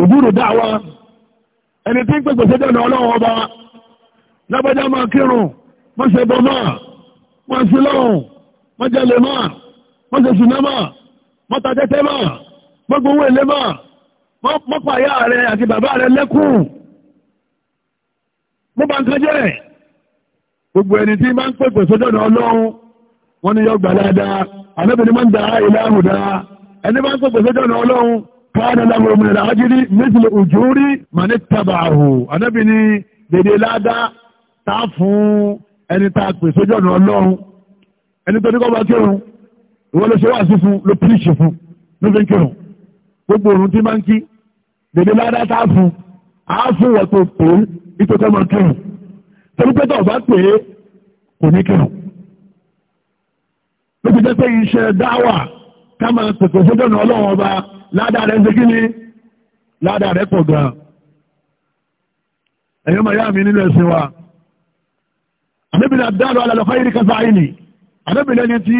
A: òbúrò dá wa ẹni tí ń pèpè sójà ní ọlọ́wọ́ ọba lágbájá máa kírun wọ́n ṣe bọ́ máa wọ́n ṣe lọ́hùn wọ́n jalè máa wọ́n ṣe ṣùnà máa wọ́n ta tẹ́tẹ́ máa wọ́n gbowó èlé máa wọ́n pa ìyá rẹ̀ àti bàbá rẹ̀ lẹ́kùn mo bá ń kájẹ́ gbogbo ẹni tí ń bá ń pèpè sójà ní ọlọ́run wọ́n ní yọ gbà dáadáa anábìnrin máa ń da ilé àhùdá ẹni bá ń sọ̀gbà sójú ọ̀nà ọlọ́run káàdà láwọn òmìnira láàjírí méjìlè òjò rí mà ní tàbà àhù anábìnrin dèdè ládá tá fún ẹni tá a pè sójú ọ̀nà ọlọ́run ẹni tó ní kọ́ bá kírun ìwọ ló ṣe wà sí fún ló píríṣì fún ló fi ń kírun gbogbo òrùn tí máa ń kí dèdè ládá tá fún àáfún wọ̀ tó pè é máa kírun torí pé pè é kò ní kírun ló ti jẹ́ pé iṣẹ́ dáwà ká máa pètò sójú ọ̀nà ọlọ́run ọba ládàá rẹ̀ ń ṣe kí ni ládàá rẹ̀ pọ̀ gan-an ẹ̀yọ́ màá yá mi nínú ẹ̀sìn wa àdébìnrin àdáàlú alàlọ́fà yìí kẹfà yìí ni àdébìnrin ẹni tí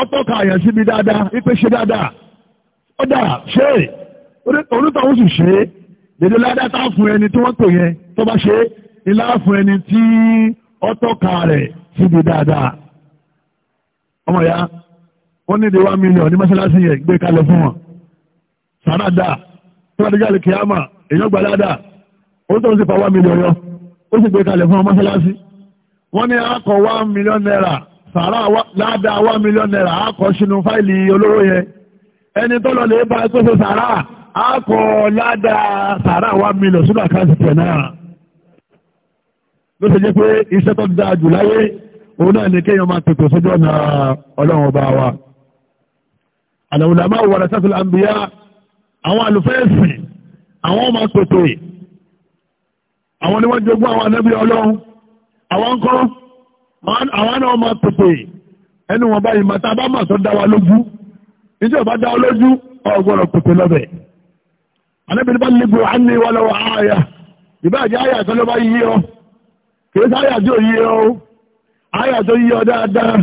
A: ọtọ́ka àyàn síbi dáadáa ipe ṣe dáadáa ó dà ṣe onítọ̀hún sì ṣe dédé ládàá tá fún ẹni tí wọ́n pè yẹn tó bá ṣe ilá fún ẹni tí ọtọ́ka rẹ̀ síbi dáadáa ọmọ ya wọ́n ní ìdí one million ní mọ́ṣáláṣí yẹn gbé kalẹ̀ fún wọn sàrà dà tí wọ́n ti jáde kìámà èèyàn gbà dáadáa ó tó ń sì fa one million yọ ó sì gbé kalẹ̀ fún wọn mọ́ṣáláṣí wọ́n ní akọ̀ one million naira sàrà ládàá one million naira akọ̀ sínú fáìlì olówó yẹn ẹni tó lọ lè bá pèsè sàrà akọ̀ ládàá sàrà one million sínú àkáǹtì tẹ̀ náà ló ṣe jẹ́ pé iṣẹ́ tó dáa jù láyé òun náà ni kéèyàn máa tètè sójú ọ̀nà ọlọ́run ọba wa àlàwùlà máa wà lásàtúlà àmbíyá àwọn àlùfẹ́ẹ̀sì àwọn ọmọ tètè àwọn ni wọ́n jogún àwọn anábì ọlọ́run àwọn ńkọ́ àwọn náà máa tètè ẹnu wọn báyìí bá sọ dá wa lójú níjẹ́ ọba dá wa lójú ọgbọ́dọ̀ tètè lọ́bẹ̀ anábìrin bá níbo à ní wà lọ́wọ́ àáyà ìbáàjẹ́ àyà kan àyà tó yí ọ dáadáa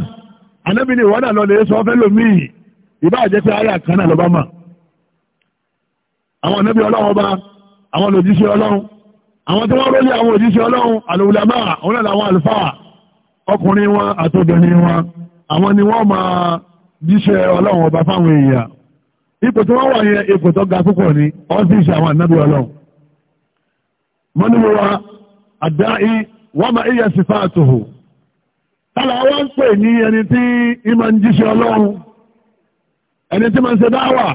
A: anábì ni ìwọ náà lọ lè sọ fẹ́ lòmíì ìbá àjẹ́ pé àyà kan náà lọ́ba mà àwọn anábì ọlọ́run ọba àwọn lòjíṣẹ́ ọlọ́run àwọn tí wọ́n rọ́lé àwọn òjíṣẹ́ ọlọ́run àlòwùlámà àwọn náà làwọn àlùfáà ọkùnrin wọn àtòbìnrin wọn àwọn ni wọ́n máa jíṣẹ́ ọlọ́run ọba fáwọn èèyàn ipò tí wọ́n wà yẹn ipò tó ga púpọ̀ ní ọ́fíìsì àwọn ànábì ọlọ́run mọ́nìmọ́ra àdáì wọ́n máa ń yẹ sífáàtòhò tálà wá ń pè ní ẹni tí ìmọ̀ ń jíṣẹ́ ọlọ́run ẹni tí ma ń ṣe dáwà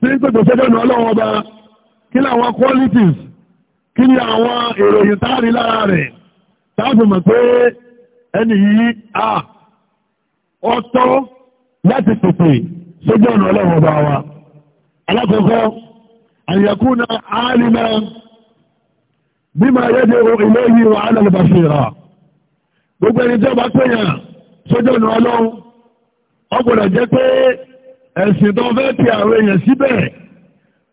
A: tí ń pètò sẹ́dọ̀nù ọlọ́run ọba kí ni àwọn qualities kí ni àwọn èròyìn táàrí lára rẹ̀ táàfù mọ̀ pé ẹni yìí à ọ̀tọ̀ láti pèpè sójú ọlọ́run ọba wa alákọ̀ọ́kọ́ àyẹ̀kú na bí máa yẹ́ de ìlẹ́yìn wàhálà lè bá fi rà. gbogbo ẹni tí ọba pèèyàn sójú ọ̀nà ọlọ́run ó gbọ́dọ̀ jẹ́ pé ẹ̀sìn tó fẹ́ ti àwọn èèyàn síbẹ̀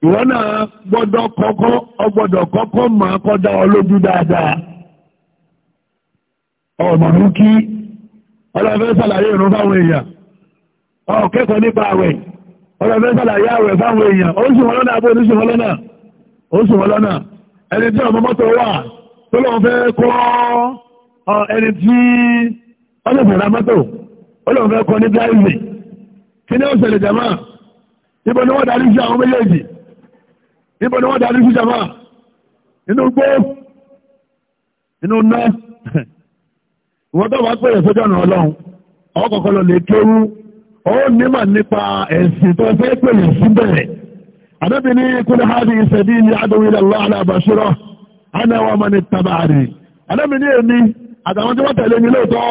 A: ìwọ náà gbọ́dọ̀ kọ́kọ́ ó gbọ́dọ̀ kọ́kọ́ máa kọ́ ọ lójú dáadáa ọmọ ń kí ọlọ́fẹ́ sàlàyé ìrun fáwọn èèyàn ọ̀kẹ́kọ̀ọ́ nípa àwẹ̀ ọlọ́fẹ́ sàlàyé àwẹ̀ fáwọn èèyàn ó sì wọ́n lọ́nà àbó ní sì wọ́n lọ́nà ó sì wọ́n lọ́nà ẹni tí ọmọ mọ́tò wà tó lọ́n fẹ́ kọ́ ẹni tí ọlọ́fẹ̀ẹ́ ra mọ́tò ọlọ́fẹ́ kọ ní kí ní ọ̀sẹ̀lẹ̀ jama ni wọ́n darí sí àwọn méjèèjì ni wọ́n darí sí jama inú gbó inú ná tó wá pèrè ọ̀nà ọlọ́run lọ lè kéwú ó nípa ẹ̀sìn tó fẹ́ pèrè kúlẹ̀ ìṣẹ̀dí ni ilẹ̀ alábàṣírọ̀ ana èmi àtàwọn tí wọ́n tẹ̀lé ní lóòótọ́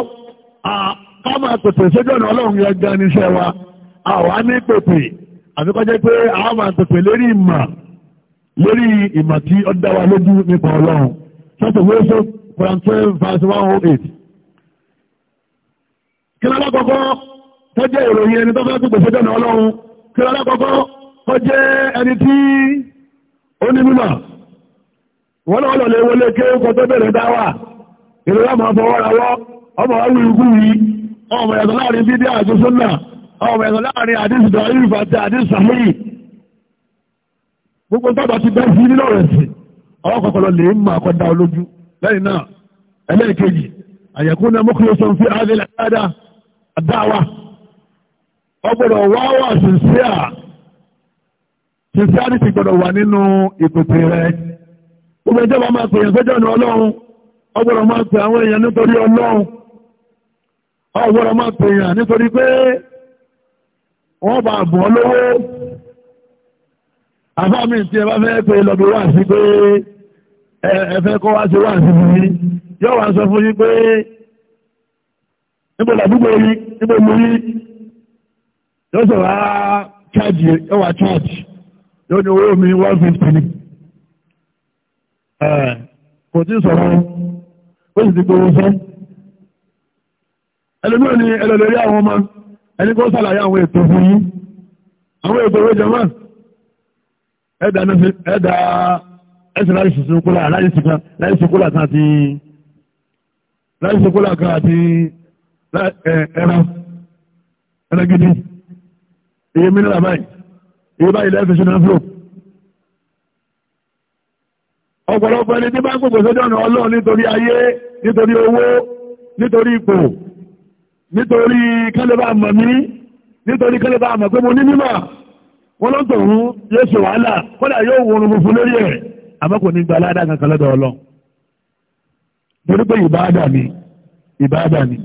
A: ká máa pèpè sójú ọ̀nà ọlọ́run yẹn gan níṣẹ́ wa àwa ní pèpè àfikọ́jẹ́ pé àwa máa pèpè lérí ìmọ̀ lórí ìmọ̀ tí ó dá wa lójú nípa ọlọ́run sọ́tò wíṣọ Quran twelve verse one oh eight. kí ló lákọ̀ọ́kọ́ tó jẹ́ ìròyìn ẹni tó fẹ́ pèpè sójú ọ̀nà ọlọ́run kí ló lákọ̀ọ́kọ́ tó jẹ́ ẹni tí ó ní mímọ̀ wọ́n náà lọ lè wọlé kéwòn kó tó bẹ̀rẹ̀ dáwà. ìlú ọmọ ọfọwọ́rawọ́ ọmọ ọrùn ikú yìí ọmọ ẹ̀sọ́ láàrin bídí àti súnà ọmọ ẹ̀sọ́ láàrin àdísìdọ̀ ìrìfà àti àdísàmìlì gbogbo tọ́bà ti bẹ́ sí nínú rẹ̀ sí ọwọ́ kọ̀kọ̀lọ̀ lè mú àkọ́dá olójú lẹ́yìn náà ẹlẹ́ẹ̀kejì fi àádẹ́lẹ̀ àdáwà ọgbọ̀dọ̀ wá wà Ọ máa pè àwọn èèyàn nítorí ọlọ́run ọgbọ́dọ̀ máa pè èèyàn nítorí pé wọ́n bá bọ̀ lówó àfáàmì tí ẹ bá fẹ́ pé lọ́bí wà sí pé ẹ fẹ́ kọ́ wá sí sí yóò wá sọ fún yín pé níbo làdúgbò níbo mú yóò sọ wá chájì yóò wá chájì yóò ní owó mi one fifty ni kò tí ó sì ti gbowó sọ ẹlòmíràn ni ẹlòlórí àwọn ọmọ ẹni kó sàlàyé àwọn ètò fún àwọn ètò owó jẹmọ́ ẹ̀dà ẹsẹ̀ láì sùn kúlà láì sùn kúlà kan àti láì sùn kan àti gidi iye báyìí iye báyìí ọ̀pọ̀lọpọ̀ ẹni tí bá ń gbogbo sọ́jọ́ ọ̀nà nítorí ayé nítorí owó nítorí ipò nítorí kálíbà mọ̀ mí nítorí kálíbà mọ̀ pé mo ní mímọ̀ wọ́n ló tòun yóò ṣe wàhálà kódà yóò wọnú funfun lórí ẹ̀ àmọ́ kò ní gba aládàá kankan lọ́dọ̀ torí pé ni ni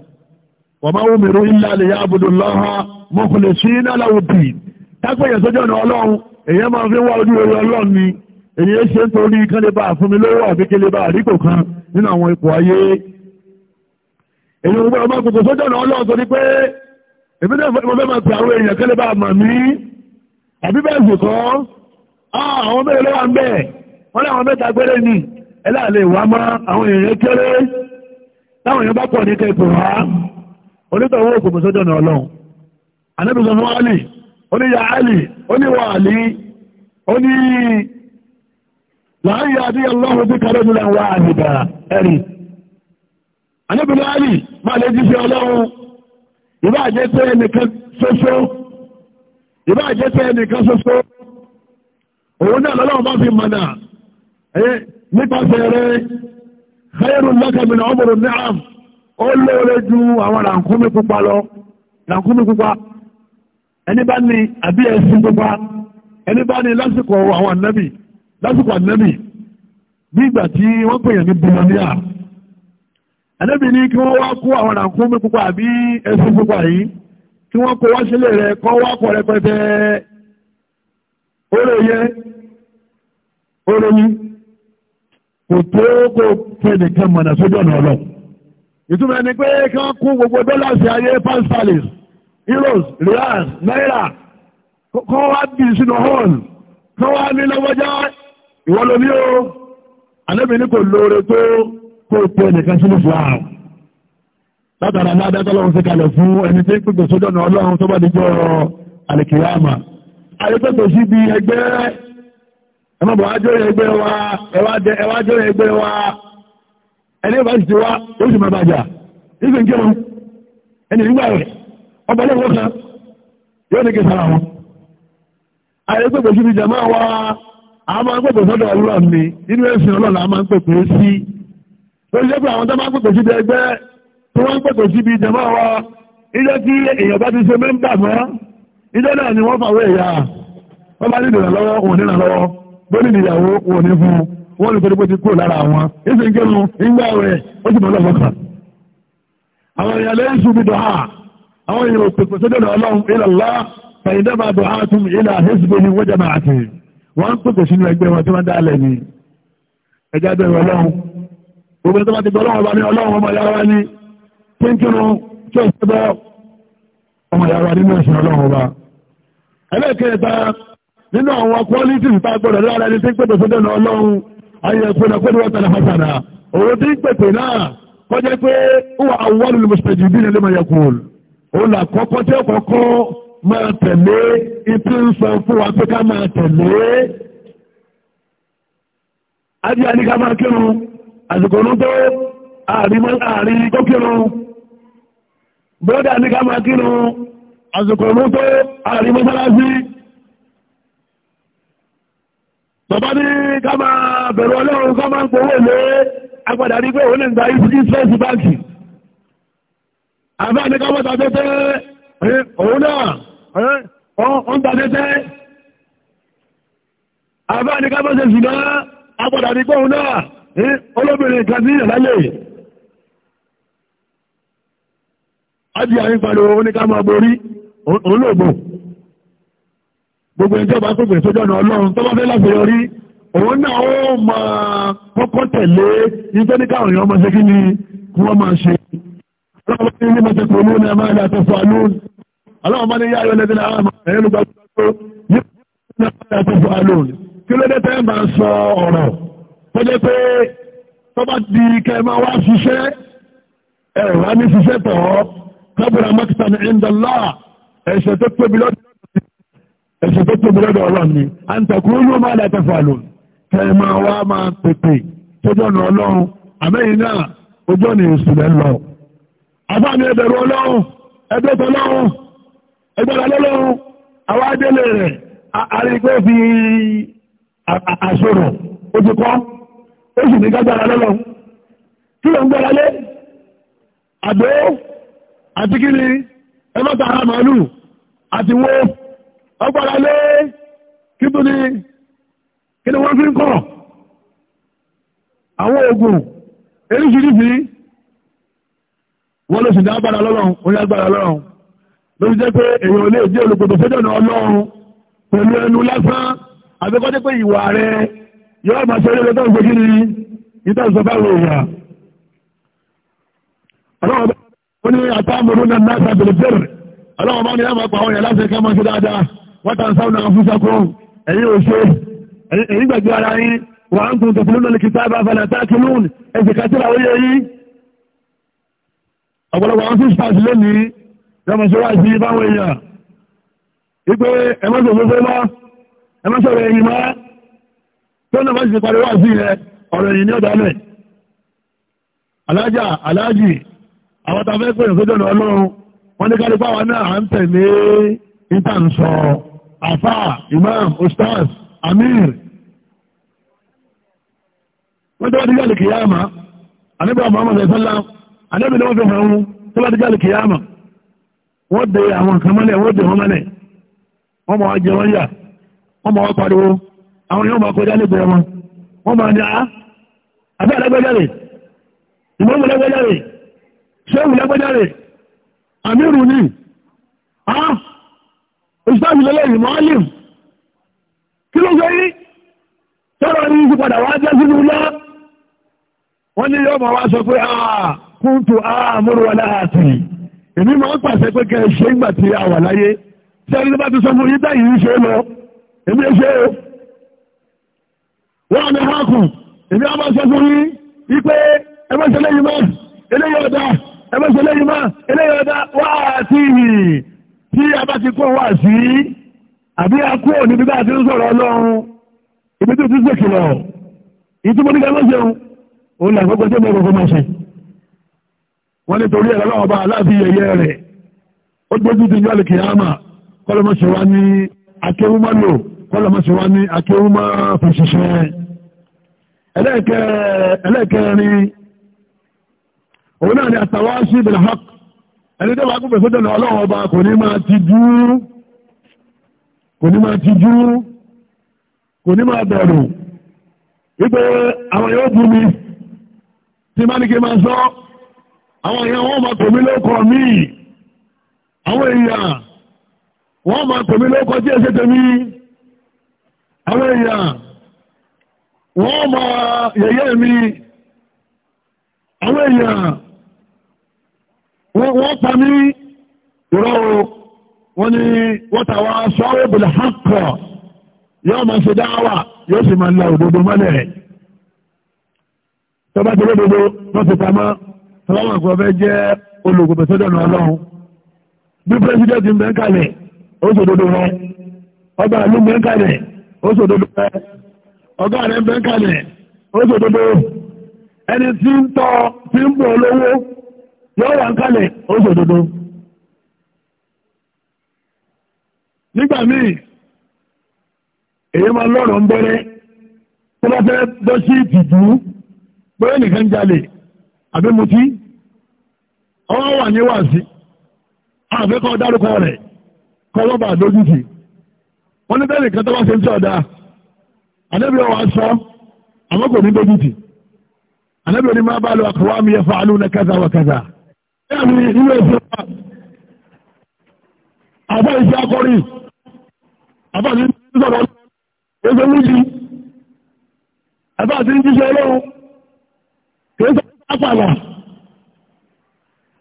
A: wa ma umiru illa liya'budullaha mukhlisina lahu ddin tápẹ̀yẹ̀ sójú ọ̀nà ọlọ́run èyàn máa fi wá ojú ọlọ́run ni èyí ṣe ń torí kálíbà fún nínú àwọn ipò ayé
B: èyí wọn gbọ́dọ̀ máa kòkò sójà náà lọ́wọ́ sórí
A: pé èmi náà mo fẹ́ máa pè àwọn èèyàn kẹ́lẹ́ bá mọ̀ mí àbí bẹ́ẹ̀ sì kọ́ àwọn mẹ́rin lọ́wọ́ ń bẹ̀ wọ́n ní àwọn mẹ́ta péré ni ẹ láàlẹ́ ìwà mọ́ àwọn èèyàn kéré táwọn èèyàn bá pọ̀ ní kẹ́kọ̀ọ́ wá onítọ̀ owó kòkò sójà náà lọ́wọ́ anábìsọ fún Ali oníyà Ali oníwà Ali oní láàá yà bí ọlọ́run bí kàrẹ́ nílẹ̀ wà àdìdà ẹ̀rì anábìnrin àlì máa lè jíṣẹ́ ọlọ́run ìbá jẹ́ pé ẹnìkan ṣoṣo taa jẹ́ pé ẹnìkan ṣoṣo òun náà lọ́lọ́run ma fi mọ̀nà nípasẹ̀ rẹ̀ khairun laka min ni'am ó ju àwọn lọ lásìkò ànábì bí ìgbà tí wọ́n pè yàn ní bùnmọ́níà ànábì ní kí wọ́n wá kó àwọn ràkúnmí pupa àbí ẹṣin pupa yìí kí wọ́n kó wá sílé rẹ̀ kọ́ wá kọ́ rẹpẹtẹ oró yẹ oró yìí kò tó kó fẹ́ẹ̀dẹ̀ kan mọ̀nà sójú ọ̀nà ọlọ́ ìtumọ̀ ni pé kí wọ́n kó gbogbo dọ́là sí ayé pásítálìs euros reals náírà kọ́ wá bì sínú hall kọ́ wá ní lọ́wọ́já ìwọ ló ní o ànábì ní kò lóore tó kó o tẹ nìkan sínú Islam látara aládá tọ́lọ́run ṣe kalẹ̀ fún ẹni tí ń pèsè sójú ọ̀nà ọlọ́run tó bá di jọ àlìkìyàmà àyẹ́pẹ̀tọ̀ sí bí ẹgbẹ́ ẹmọ́bọ̀ ajọ́rẹ̀ ẹgbẹ́ wa ẹwà ajọ́rẹ̀ ẹgbẹ́ wa ẹni bá ti wá ó sì máa bàjá ìfẹ́ ń kírun ẹni nígbà rẹ̀ ọba lẹ́wọ́ kan yóò ní kí sára wọn àyẹ́pẹ̀tọ̀ sí bí jàmáà wa a máa ń pèpè sọ́dọ̀ ọlọ́run ni nínú ẹ̀sìn ọlọ́run a máa ń pèpè sí lórí jẹ́ pé àwọn tó máa ń pèpè síbi ẹgbẹ́ tó ń pèpè síbi ìjọba wa ilé tí èèyàn bá ti ṣe mẹ́ńbà mọ́ ilé náà ni wọ́n fàwé ẹ̀yà wọ́n bá òun òun ní fún ti kúrò lára wọn ìgbà rẹ̀ ó ha wọ́n ń pèsè sínú ẹgbẹ́ wọn tí wọ́n dálẹ̀ ni ẹjá bẹ̀rẹ̀ ọlọ́run gbogbo ẹni tó bá ti gbọ́ ọlọ́run ọba ní ọlọ́run ọmọ yàrá ní kíńkírun tí ó ṣẹbọ ọmọ yàrá nínú ẹ̀sìn ọlọ́run ọba ẹlẹ́kẹ̀ẹ́ta nínú àwọn qualities tá a gbọ́dọ̀ lára ẹni tí ń pèsè sódẹ́nu ọlọ́run ayẹ̀fẹ́nà pẹ̀lú ọ̀tàlẹ̀ hasana òun tí ń pèsè náà kọjá pé wà àwọn olùmọ̀ṣẹ̀jì bí máa tẹ̀lé ìtí ń sọ fún wa pé ká máa tẹ̀lé ajé àníká máa kírun àsìkò ní tó ààrin kó kírun bọ́dà àníká máa kírun àsìkò ní tó ààrin mọ́sálásí bàbá ní ká máa bẹ̀rù ọlọ́run ká máa ń pòwò lé agbádà rí pé òun lè gba ìfẹ́sì báńkì àbá àníká mọ́ta tẹ́tẹ́ òun náà ọ̀n gbàtẹ́tẹ́ àbá ní ká bọ́sẹ̀ sí náà agbọ́dà ní gbọ́hùn náà olóbìnrin kan sí ìrẹ̀lẹ́lẹ̀ ájí àyín pariwo oníká máa borí olóògbò gbogbo ìjọba kògbè tó jọ́nà ọlọ́run tó bá fẹ́ láṣeyọrí òun náà ó máa kọ́kọ́ tẹ̀lé ìtọ́níkà òyìn ọmọ ṣe kí ni wọ́n máa ṣe ọlọ́run ní mọ́tẹ́kùn olóòrùn ẹ̀ máa lè àtọ́fọ́ alóòrùn ọlọ́run bá ní yá ayọ́lẹ́ bí náà ẹ̀yẹ́ ló gbàgbọ́ pé ní ọ̀nà padà tó fún alóòn kí ló dé tẹ́ máa sọ ọ̀rọ̀ tó jẹ́ pé tó bá di kẹ́ máa wá ṣiṣẹ́ ẹ̀ wá ní ṣiṣẹ́ tọ̀ ọ́ kábùrà mọ́kítà ní ìndọ̀lá ẹ̀ṣẹ̀ tó tóbi lọ́dọ̀ ọlọ́run ni à ń tẹ̀kùn ló máa dà tó fún alóòn kẹ́ máa wá máa pèpè tójú ọ̀nà ọlọ́run àmẹ́yìn náà ojú ọ̀nà ìṣùlẹ̀ lọ. àbá mi ẹbẹ̀rù ọlọ́run ẹgbẹ́ tọ́lọ́run ẹgbẹ́ra lọ́lọ́run àwọn adélé rẹ̀ àrígbó fi àṣòrò ó ti kọ́ ó sì ní gágbára lọ́lọ́run kí ló ń gbára lé àdó àti kí ni ẹmọ́ta ara màálù àti wo ọgbára lé kí tó ní kí ni wọ́n fi ń kọ́ àwọn oògùn eríṣiríṣi wọ́n ló sì dá agbára lọ́lọ́run lórí jẹ́ pé èèyàn lè jẹ́ olùgbòdò sójọ́nà ọlọ́run pẹ̀lú ẹnu lásán àbíkọ́ jẹ́ pé ìwà rẹ yọ́ máa ṣe orílẹ̀ tó ń gbé kí ni ìtàṣọ́ bá rò wà. ọlọ́run bá ní àtàmùrú náà náà sàbẹ̀lẹ̀ bẹ̀rẹ̀ ọlọ́run bá ní àmà pa àwọn èèyàn láti ẹ̀ka máa ṣe dáadáa wọ́n tàn sáwọn náà fún sakun ẹ̀yin ò ṣe ẹ̀yin gbàgbé ara yín wà á ń kun tòfin lónìí kìtà bá falẹ̀ táàkì lónìí ẹ̀sìn kásìlà ó yẹ yín ọ̀pọ̀lọpọ̀ àwọn fíṣ yọmọ sí wáyé sí báwọn èèyàn wípé ẹmọ́sọ̀ fúnfẹ́ mọ́ ẹmọ́sọ̀ rẹ̀ yìí mọ́ tó náà máa sì parí wá sí rẹ̀ ọ̀rọ̀ yìí ní ọ̀dà lẹ̀ alájà alájì àwọn tá a fẹ́ pè sójú ọ̀nà ọlọ́run wọ́n ní kárí báwa náà à ń tẹ̀lé ìtànsọ afa imam ustaz amir wọ́n tó wá dígbà lè kìyàmà anábìà muhammad sallam anábìà ni wọ́n fi hàn án tó wá dígbà lè kìyàmà wọ́n de àwọn nǹkan mọ́lẹ̀ wọ́n de wọ́n mọ́lẹ̀ wọ́n máa jẹ wọ́n yà wọ́n máa pariwo àwọn yóò máa kọjá lẹ́gbẹ̀ẹ́ wọn wọ́n máa ní àá ah, àbí àlágbẹ́járe ìmọ̀mù lágbẹ́járe àmírù ah, ní èmi máa ń pàṣẹ pé kẹ́ ẹ ṣe ń gbà tí a wà láyé tí ẹni tó bá ti sọ fún yín táyì ń ṣe é lọ èmi ẹ ṣe o wọ́n ní hákù èmi á sọ fún yín wípé ẹ bá ṣe lẹ́yìn máa eléyìí ọ̀dà ẹ bá ṣe lẹ́yìn máa eléyìí ọ̀dà wá àti ìhìn tí a bá ti kó wá sí àbí a kúrò níbi bá a ti ń sọ̀rọ̀ ọlọ́run ibi tó ti ṣèkìlọ̀ ìtumọ̀ nígbà lọ́sẹ̀ òun làkọ́kọ́ tó mọ̀ kọ́kọ́ máa ṣe wọ́n lè torí ẹ̀rọ ọba aláàfi yẹyẹ rẹ̀ ó gbójú ti yọ́lì kìyàmà kọ́lọ́mọ́sẹ̀ wá ní akéwúmọ́ lò kọ́lọ́mọ́sẹ̀ wá ní akéwúmọ́ fòṣìṣẹ́ ẹlẹ́ẹ̀kẹrin òun náà ni àtàwáṣí bilhaq ẹni tó wà gúnfẹ̀ sódẹ̀ ọlọ́run ọba kò ní máa ti jú kò ní máa ti jú kò ní máa bẹ̀rù wípé àwọn yóò bú mi tí má ní kí máa sọ àwọn èèyàn wọ́n máa pèmí lóko mí àwọn èèyàn wọ́n máa pèmí lóko tí ẹsẹ̀ tèmi àwọn èèyàn wọ́n máa yẹ̀yẹ́ mi àwọn èèyàn wọ́n pa mí ìrọ̀ wọ́n ní wọ́n tàwa sọ́wọ́ bìlẹ̀ hàkọ̀ yóò máa ṣe dáwà yóò sì máa la òdodo mọ́lẹ̀ tọ́ba ti lódodo wọ́n ti pa mọ́. sọ́wọ́n àgbọ̀ fẹ́ jẹ́ olùgbòbẹ̀ sọ́dọ̀nà ọlọ́run bí pírẹsidẹ́ntì ń bẹ́ ń kalẹ̀ ó sòdodo rẹ ọba ìlú ń bẹ́ ń kalẹ̀ ó sòdodo rẹ ọgá rẹ ń bẹ́ ń kalẹ̀ ó ẹni tí ń tọ́ tí ń bọ̀ olówó yóò wà ń kalẹ̀ ó sòdodo. nígbà míì èyí máa lọ́rọ̀ ń àbí mutí ọwọ́ wà ní wàásí àbẹ́kọ́ dárúkọ rẹ̀ kọ́ lọ́bà lójútì wọ́n ní bẹ́ẹ̀ nìkan tó bá ṣe ń tí ọ̀dá ànábì ọwọ́ sọ àmọ́ kò ní lójútì ànábì oní máa bá lọ àkọwá mi yẹfa alú na kaza wa kaza ẹ̀mí ìwé ìṣe wa àbá ìṣe akọrin àbá ìṣe sọ̀rọ̀ ẹ̀ṣẹ̀ méjì àbá àti ìṣiṣẹ́ ọlọ́run pàlà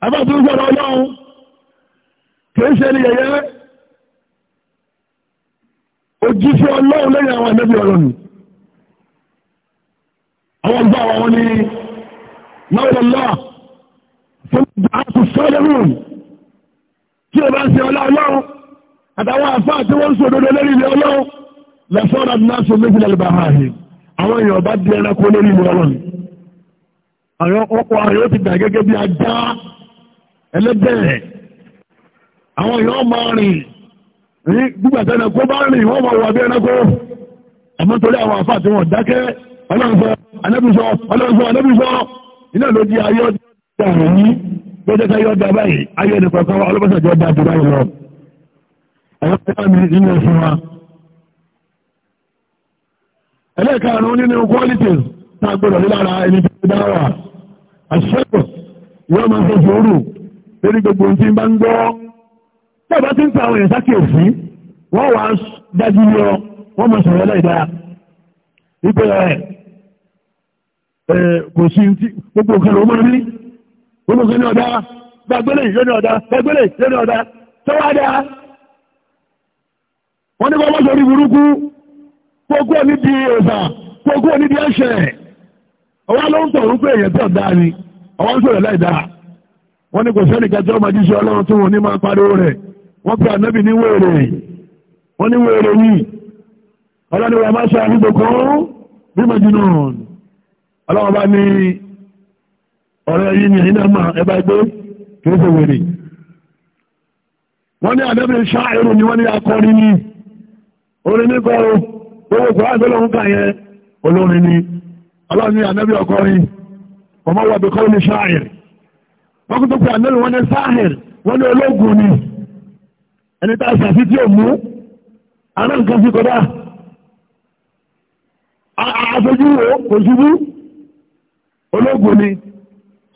A: àbá tó ń sọ̀rọ̀ ọlọ́run kìí ṣe ni yẹ̀yẹ́ òjíṣẹ́ ọlọ́run lẹ́yìn àwọn ẹ̀mẹ́bí ọ̀rọ̀ nù àwọn ọgbà àwọn ni náwọ̀lọ́lá fún àti sọ́lẹ̀rùn tí ó bá ṣe ọlá ọlọ́run àtàwọn àfáà tí wọ́n ń sòdodo lórí ilẹ̀ ọlọ́run lẹ́sọ́ọ̀rọ̀ náà ṣe méjìlélẹ́bàá àwọn èèyàn bá di ẹranko lórí ilẹ̀ ọlọ́run àwọn ọkọ̀ rẹ̀ ó ti dà gẹ́gẹ́ bí ajá ẹlẹ́bẹ̀ẹ́ àwọn èèyàn máa rìn ní gbígbàtà ẹnako bá rìn wọ́n máa wà bí ẹnako àmọ́ torí àwọn àfáà tí wọ́n dákẹ́ ọlọ́run anẹ́bùsọ ọlọ́run anẹ́bùsọ iná ló di ayọ́ dà yìí gbọ́dọ̀ ká yọ́ da báyìí ayọ́ ẹnì kọ̀ọ̀kan wa ọlọ́pàá ṣàjọ da àdúrà yìí lọ. àwọn ọ̀gá mi nínú ẹ̀sìn wa ẹlẹ́ẹ̀karùn-ún nínú qualities tá a gbọ́dọ̀ nílára ẹni tó ti dáwà àṣẹ́kọ̀ wọ́n máa fẹ́ sòrò lórí gbogbo ohun tí ń bá ń gbọ́ tọ́ba ti ń pa àwọn èèyàn sákèèsí wọ́n wá dájú yọ wọ́n máa sọ̀rọ̀ láìda wípé ẹ̀ kò sí ti gbogbo nǹkan ló máa rí gbogbo nǹkan ní ọ̀dá gbàgbélé yóní ọ̀dá gbàgbélé yóní ọ̀dá tọ́wádá wọ́n ní kọ́ mọ́ sórí burúkú gbogbo níbi òòsà gbogbo níbi ẹ̀ṣẹ̀ ọwọ́ ló ń tọ̀rọ̀ pé èyàn tí ọ̀dá ni ọwọ́ ń sọ̀rọ̀ láì dáa wọ́n ní kò sẹ́ni kájọ́ ọmọ jíṣẹ́ ọlọ́run tí wọ́n ní máa pariwo rẹ̀ wọ́n pe ànábì ní wèrè wọ́n ní wèrè yìí ọlọ́ni wa máa ṣe àdúgbò kan bí mo jìnnà ọlọ́run bá ní ọ̀rẹ́ yìí ni ẹ̀yin náà máa ẹ bá gbé kì í ṣe wèrè wọ́n ní ànábì ṣáà èrò ni wọ́n ní akọrin ni orin nípa owó kò wá sí ọlọ́run kà yẹn olórin ni ọlọ́run ní ànábì ọkọrin ọmọ wà bí kọ́ni ṣáàhìrì wọ́n kó tó pé ànábì wọn ní ṣáàhìrì wọ́n ní ológun ni ẹni tá a ṣàfi tí ò mú aná nǹkan fi kọjá aṣojú wo kò ológun ni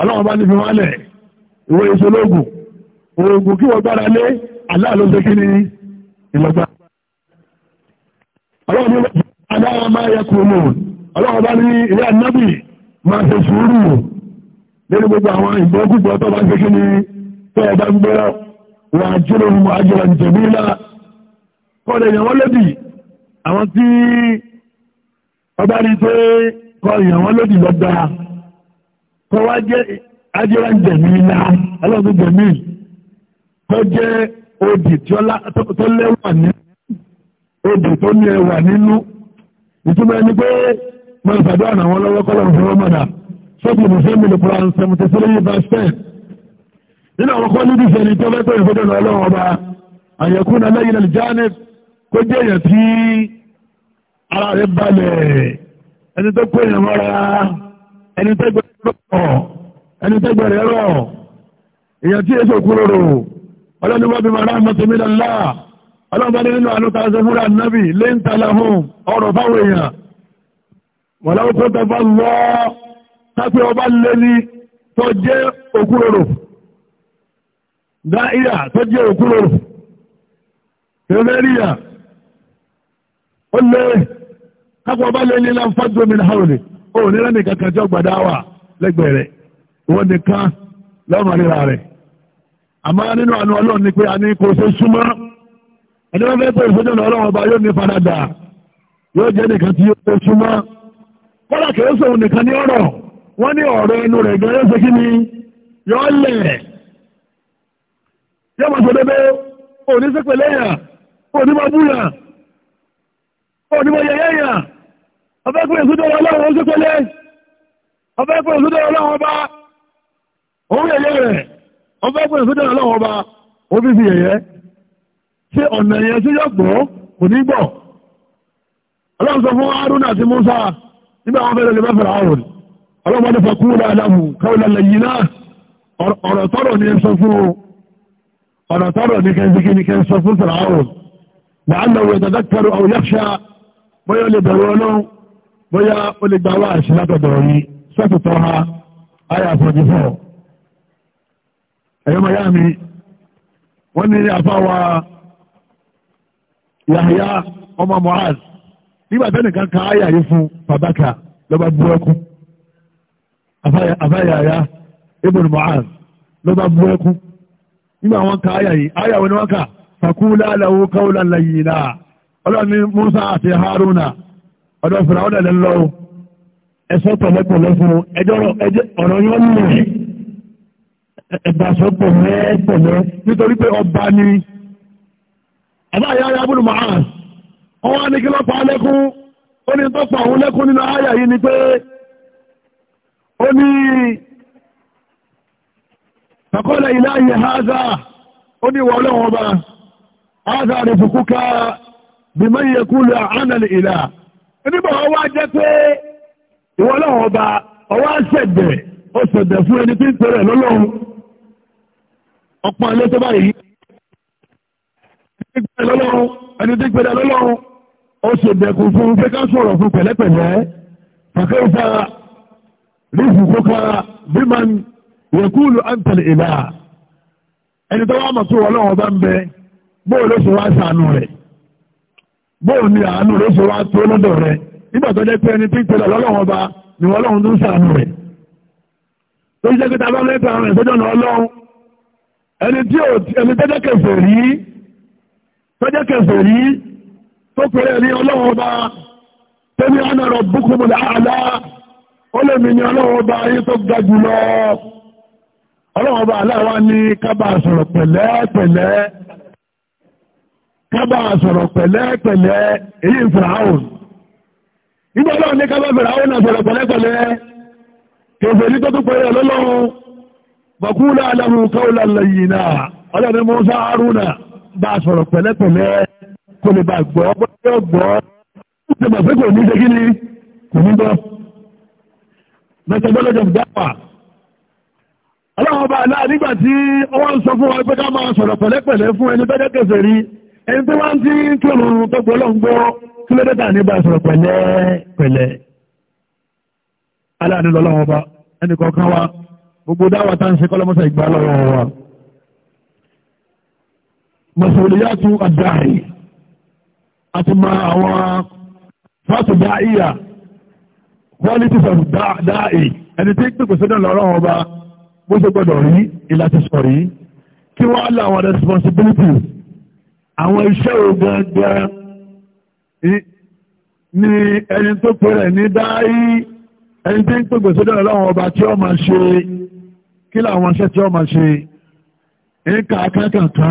A: ọlọ́run bá ní fi wọ́n lẹ̀ ìwé ìṣológun òògùn kí wọ́n gbára lé aláàlú ṣe kí ni ìlọ́gbà. ọlọ́run ní wọ́n máa yẹ kúrò lóhùn ọlọ́wọ́ bá ní ilé ànábì máa ṣe sùúrù lórí gbogbo àwọn ìgbọ́kúgbọ́ tó bá ń kékeré ní tó ọba ń gbọ́ wà jùlọ mú ajọ́rọ̀ ìjẹ̀bí ńlá kọ́lẹ̀ èèyàn wọ́n lòdì àwọn tí ọba rí pé kọ́ èèyàn wọ́n lòdì lọ́gbà kọ́ wá jẹ́ ajọ́rọ̀ ìjẹ̀bí ńlá ọlọ́dún jẹ̀mí kọ́ jẹ́ odì tó lẹ́wà ní odì tó ní ẹwà nínú ìtumọ̀ ẹni pé mọ́ ìpàdé àná àwọn lọ́wọ́ kọ́lọ̀ ń fọwọ́ mọ̀dà sọ́kù mùsùlùmí lè kura seventy three verse ten nínú àwọn kọ́ níbi ìṣẹ̀lẹ̀ tó fẹ́ tó ìfọdọ̀ lọ ọlọ́run ọba àyẹ̀kún náà lẹ́yìn alìjáde kó jẹ́ èèyàn tí ara rẹ̀ balẹ̀ ẹni tó kó èèyàn mọ́ra ẹni tẹ́gbẹ̀rẹ̀ rọ̀ ẹni tẹ́gbẹ̀rẹ̀ rọ̀ èèyàn tí èso kúròrò ọlọ́run wá bá ní nínú wọ̀láwọ́ tó tẹ́fà lọ tápé ọba lé ní tó jẹ́ òkúròrò dáíyà tó jẹ́ òkúròrò tẹ́lẹ́ríyà ó lé tápé ọba lé ní láǹfàdómìn haúlì ó ní lẹ́nì kankan tí ó gbàdá wà lẹ́gbẹ̀ẹ́ rẹ̀ wọ́n nìkan lọ́mọ ríra rẹ̀ àmọ́ nínú àánú ọlọ́run ni pé a ní kò ṣe súnmọ́ ẹni wọ́n fẹ́ pé ìfẹ́jọ́ ọlọ́run ọba yóò ní faradà yóò jẹ́ nìkan tí yóò ṣe súnmọ́ kọ́lá kìí sóhun nìkan ní ọ̀rọ̀ wọ́n ní ọ̀rọ̀ ẹnu rẹ̀ gan yóò kí ni yọ́ lẹ̀ yọ́ máa sọ dédé òní sẹ́pẹ̀lẹ́ yà òní máa bú yà òní máa yẹ̀yẹ́ yà ọ̀fẹ́ pé èso ọlọ́run ó ọ̀fẹ́ pé Musa nígbà wọn fẹ́rẹ̀ lè bá fẹ́rẹ̀ àrùn ọlọ́wọ́ ní fọkúrò aláhùn káwọn lẹ́yìn náà ọ̀rọ̀ tọ́rọ̀ ní sọ fún ọ̀rọ̀ tọ́rọ̀ ní kẹ́síkí ní kẹ́sọ fún fẹ́rẹ̀ àrùn làálọ̀ wẹ̀ tàdákàrọ̀ àwọn yàkṣà bóyá olè bẹ̀rù ọlọ́run bóyá olè gbà wá àṣì látọ̀dọ̀ yìí sọ́tùtọ̀ ha ayà àfọ̀dífọ̀ ẹ̀yọ́ mọ̀ yá wọ́n ní àfáwà Yahya ọmọ Mu'az nígbà tẹ́nì kan ka ayé fún babaka lọ́ba bu ẹkú afáyàyà ibn Mu'az lọ́ba bu ẹkú nígbà wọn ka ayé yìí ayé àwọn ni wọn kà fakula lahu qawlan layyina ọlọ́ni Musa àti Haruna ọ̀dọ̀ fìlà ọ̀dọ̀ lẹ́ lọ́wọ́ ẹ̀sọ́ pẹ̀lẹ́pẹ̀lẹ́ fún ẹjọ́ ọ̀rọ̀ yẹn lẹ̀ ẹ̀dàsọ́ pẹ̀lẹ́pẹ̀lẹ́ nítorí pé ọba ni àbáyá ayé abúlé Mu'az ọwọ́ ní kí lọ́pàá lẹ́kún ó ní tó pa òun lẹ́kún nínú àyà yìí ni pé ó ní tàkọ́lẹ̀ haza ó ní ìwà haza rẹ̀ kuka, bímọ iye kú ánàlì ìlà onígbà wọn jẹ́ pé ìwà ọlọ́wọ́ ọba ọwọ́ ó ṣẹ̀dẹ̀ fún ẹni tí ń tẹ̀rẹ̀ lọ́lọ́run ọ̀pọ̀ tó báyìí ẹni tí ó ṣe dẹkùn fún pé ká sọ̀rọ̀ fún pẹ̀lẹ́pẹ̀lẹ́ fàkẹ́yìfà rífù kókà bíman yẹkúlù àǹtẹ̀lẹ̀ ìlà ẹni tó wá mọ̀ tó lọ́wọ́ bá ń bẹ bóò ló ṣe wá sànù rẹ̀ bóò ní àánú ló ṣe wá tó lọ́dọ̀ rẹ̀ nígbà tó pé ẹni tí ń sànù rẹ̀ kíta bá rẹ̀ sọ́jọ́ náà lọ́wọ́ ẹni tí ẹni kẹfẹ́ rí kẹfẹ́ tó pẹ̀lẹ́ ní ọlọ́wọ́ bá tó ní ọ̀nà rọ̀ búkúmùlà àlá ó lè mi ní ọlọ́wọ́ bá ayé tó ga jùlọ ọlọ́wọ́ bá aláwa ní kábà sọ̀rọ̀ pẹ̀lẹ́pẹ̀lẹ́ kábà sọ̀rọ̀ pẹ̀lẹ́pẹ̀lẹ́ èyí fìràhùn nígbà ọlọ́wọ́ ní kábà fìràhùn náà sọ̀rọ̀ pẹ̀lẹ́pẹ̀lẹ́ kèfè ní tó tó pẹ̀lẹ́ ọlọ́wọ́ bàkúlà aláhùn káwùlà lẹ́yìn náà ọlọ́wọ́ ní Mùsá Haruna bá sọ̀rọ̀ pẹ̀lẹ́pẹ̀lẹ́ kò lè bá gbọ́ gbọ́ gbọ́ ṣe mọ̀ pé kò ní ṣe kí ni kò ní gbọ́. methodology of dawa ọlọ́run ọba àlá nígbà tí ọwọ́ ń sọ fún wa pé ká máa sọ̀rọ̀ pẹ̀lẹ́pẹ̀lẹ́ fún ẹni tọ́jọ́ kẹsẹ̀ rí ẹni tí wọ́n ti ń kírun tó gbọ́ lọ́n gbọ́ kí ló dé tà ní bá sọ̀rọ̀ pẹ̀lẹ́pẹ̀lẹ́ aláàánú lọ́lọ́wọ́ bá ẹnì kọ̀ọ̀kan wa gbogbo dáwà tá ń ṣe kọ́lọ́mọ́sà ìgbà lọ́wọ́ wa mọ̀sọ̀lẹ́yàtú àdáyé àti ma àwọn fásitì dá ìyà Quality of dá ì ẹni tí pípẹ́ sọ́dọ̀ lọ́rọ̀ ọba bó ṣe gbọ́dọ̀ rí ìlà ti sọ̀ rí kí wọ́n á lọ àwọn responsibilities àwọn iṣẹ́ ògangan ni ẹni tó pèrè ní dá ì ẹni tí ń pègbè sódà lọ́wọ́ ọba tí ó máa ṣe kí làwọn iṣẹ́ tí ó máa ṣe ń ka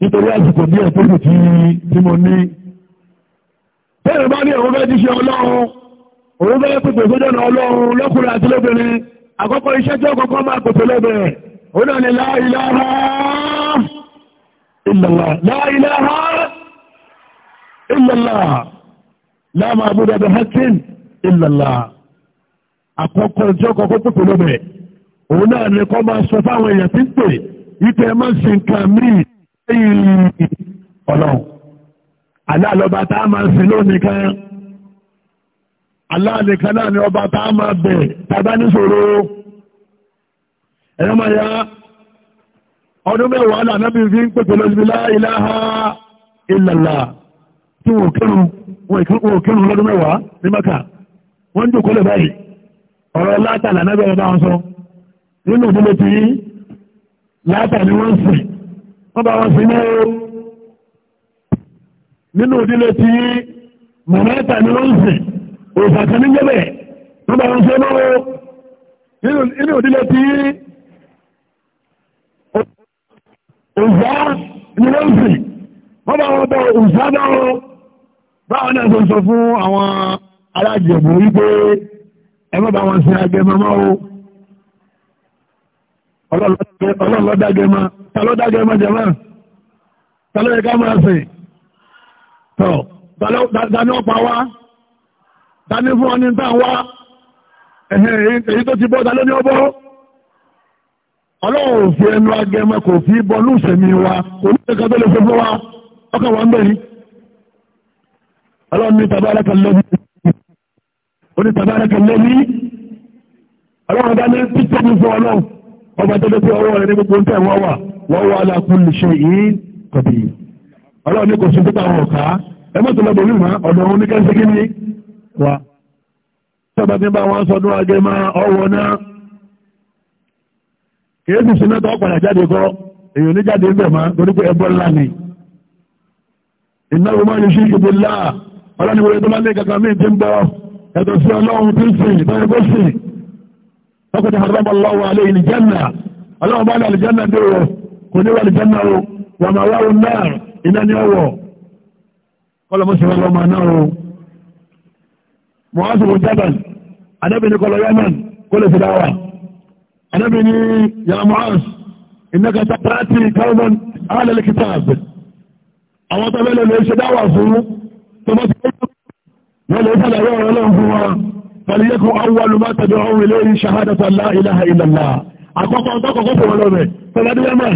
A: nítorí àsìkò bí ẹ̀kọ́ kò tí mo ní tẹ́lẹ̀ bá ní òun fẹ́ ti ṣe ọlọ́run òun fẹ́ pèpè sójọ́nà ọlọ́run lọ́kùnrin àti lóbìnrin àkọ́kọ́ iṣẹ́ tí ó kọ́kọ́ máa pèpè lẹ́bẹ̀ẹ́ òun náà ni kọ́ máa sọ fáwọn èèyàn tí ń pè ìtẹ́ máa sin kàmí ọlọ́run aláàlọ́ba tá a máa ń sin lónìí kan aláàlẹ́kan náà ni ọba tá a máa bẹ̀ tàbá níṣòro ẹ̀yọ́ máa ya ọdún mẹ́wàá lànàbí fi ń pèpè lọ sí la ilaha illallah tí wọ́n kírun wọ́n kírun lọ́dún mẹ́wàá ní mẹ́ka wọ́n ń jòkó báyìí ọ̀rọ̀ látà lànàbí ọba wọn sọ nínú ìdílé tí látà ni wọ́n sìn wọ́n bá wọn sìn náà nínú ìdílé tí mọ̀mẹ́ta ni wọ́n ń sìn òfàkà ní jẹ́bẹ̀ wọ́n bá wọn ṣe mọ́ nínú ìdílé tí òfà ni wọ́n ń sìn wọ́n bá wọn bọ̀ òfà bá wọn báwọn náà ṣe sọ fún àwọn alájẹ̀bù wípé ẹ má bá wọn ṣe agẹmọmọ́ o ọlọ́lọ́dágẹmọ ta ló dágẹmọ máa sìn tọ́ dání ọ̀pá wá dání fún ọni tá wá èyí tó ti bọ́ dání ní ọbọ́ ọlọ́run ò fi ẹnu agẹmọ kò fi bọ́ lùsẹ̀mí wa kò ní ẹ̀ka tó lè fẹ́ fún wa ọkàn wa ń bẹ̀rẹ̀ ọlọ́run ní tabaraka lẹ́bí ó ní tabaraka lẹ́bí ọlọ́run dání pípẹ́ ní fún ọlọ́run ọba tó lè fi ọwọ́ rẹ̀ ní gbogbo ń tẹ̀ wọ́n wà wọ́n wà ala kulli shay'in qadir ọlọ́run ní kò sí pípa àwọn ọ̀ká ẹ mọ̀ tó lọ́dọ̀ orí mọ́ ọ̀dọ̀ òun ní kẹ́sí kíní wa sábà tí ń bá wọn sọdún agẹmọ ọwọ́ náà kìí sì sí mẹ́ta ọ̀pàdà jáde kọ́ èyàn ní jáde ńbẹ̀ mọ́ torí pé ẹbọ ńlá ni ìnáwó máa ń ṣe ìgbè ńlá ọlọ́run ìwé tó máa lé kankan míì ti ń bọ́ ẹ̀tọ́ sí ọlọ́run tí ń sìn ìtọ́jú kó sìn ọkùnrin àrùbọ̀ lọ́wọ́ alẹ́ ìlìjẹ́nà ọlọ́run bá ní àlìjẹ́nà dé o kò ní wà àlìjẹ́nà o wà máa wá iná ní ọwọ́ kọlọmọsọ̀rọ̀ lọ́mọ náà o mọ̀ásùwò jaban anábì ní kọlọ yaman kó lè fi dáwà anábì ní yàrá mọ̀ás ìnáka tàbí káwọn alẹ́lẹ́ kìtàbì àwọn tó mẹ́lẹ̀ lè ṣe dáwà fún tọmọtí Àkọ́kọ́ ọ̀tọ́kọ̀ọ́kọ́ fòwọ́lọ́rẹ̀, tọ́lá ní Yemen,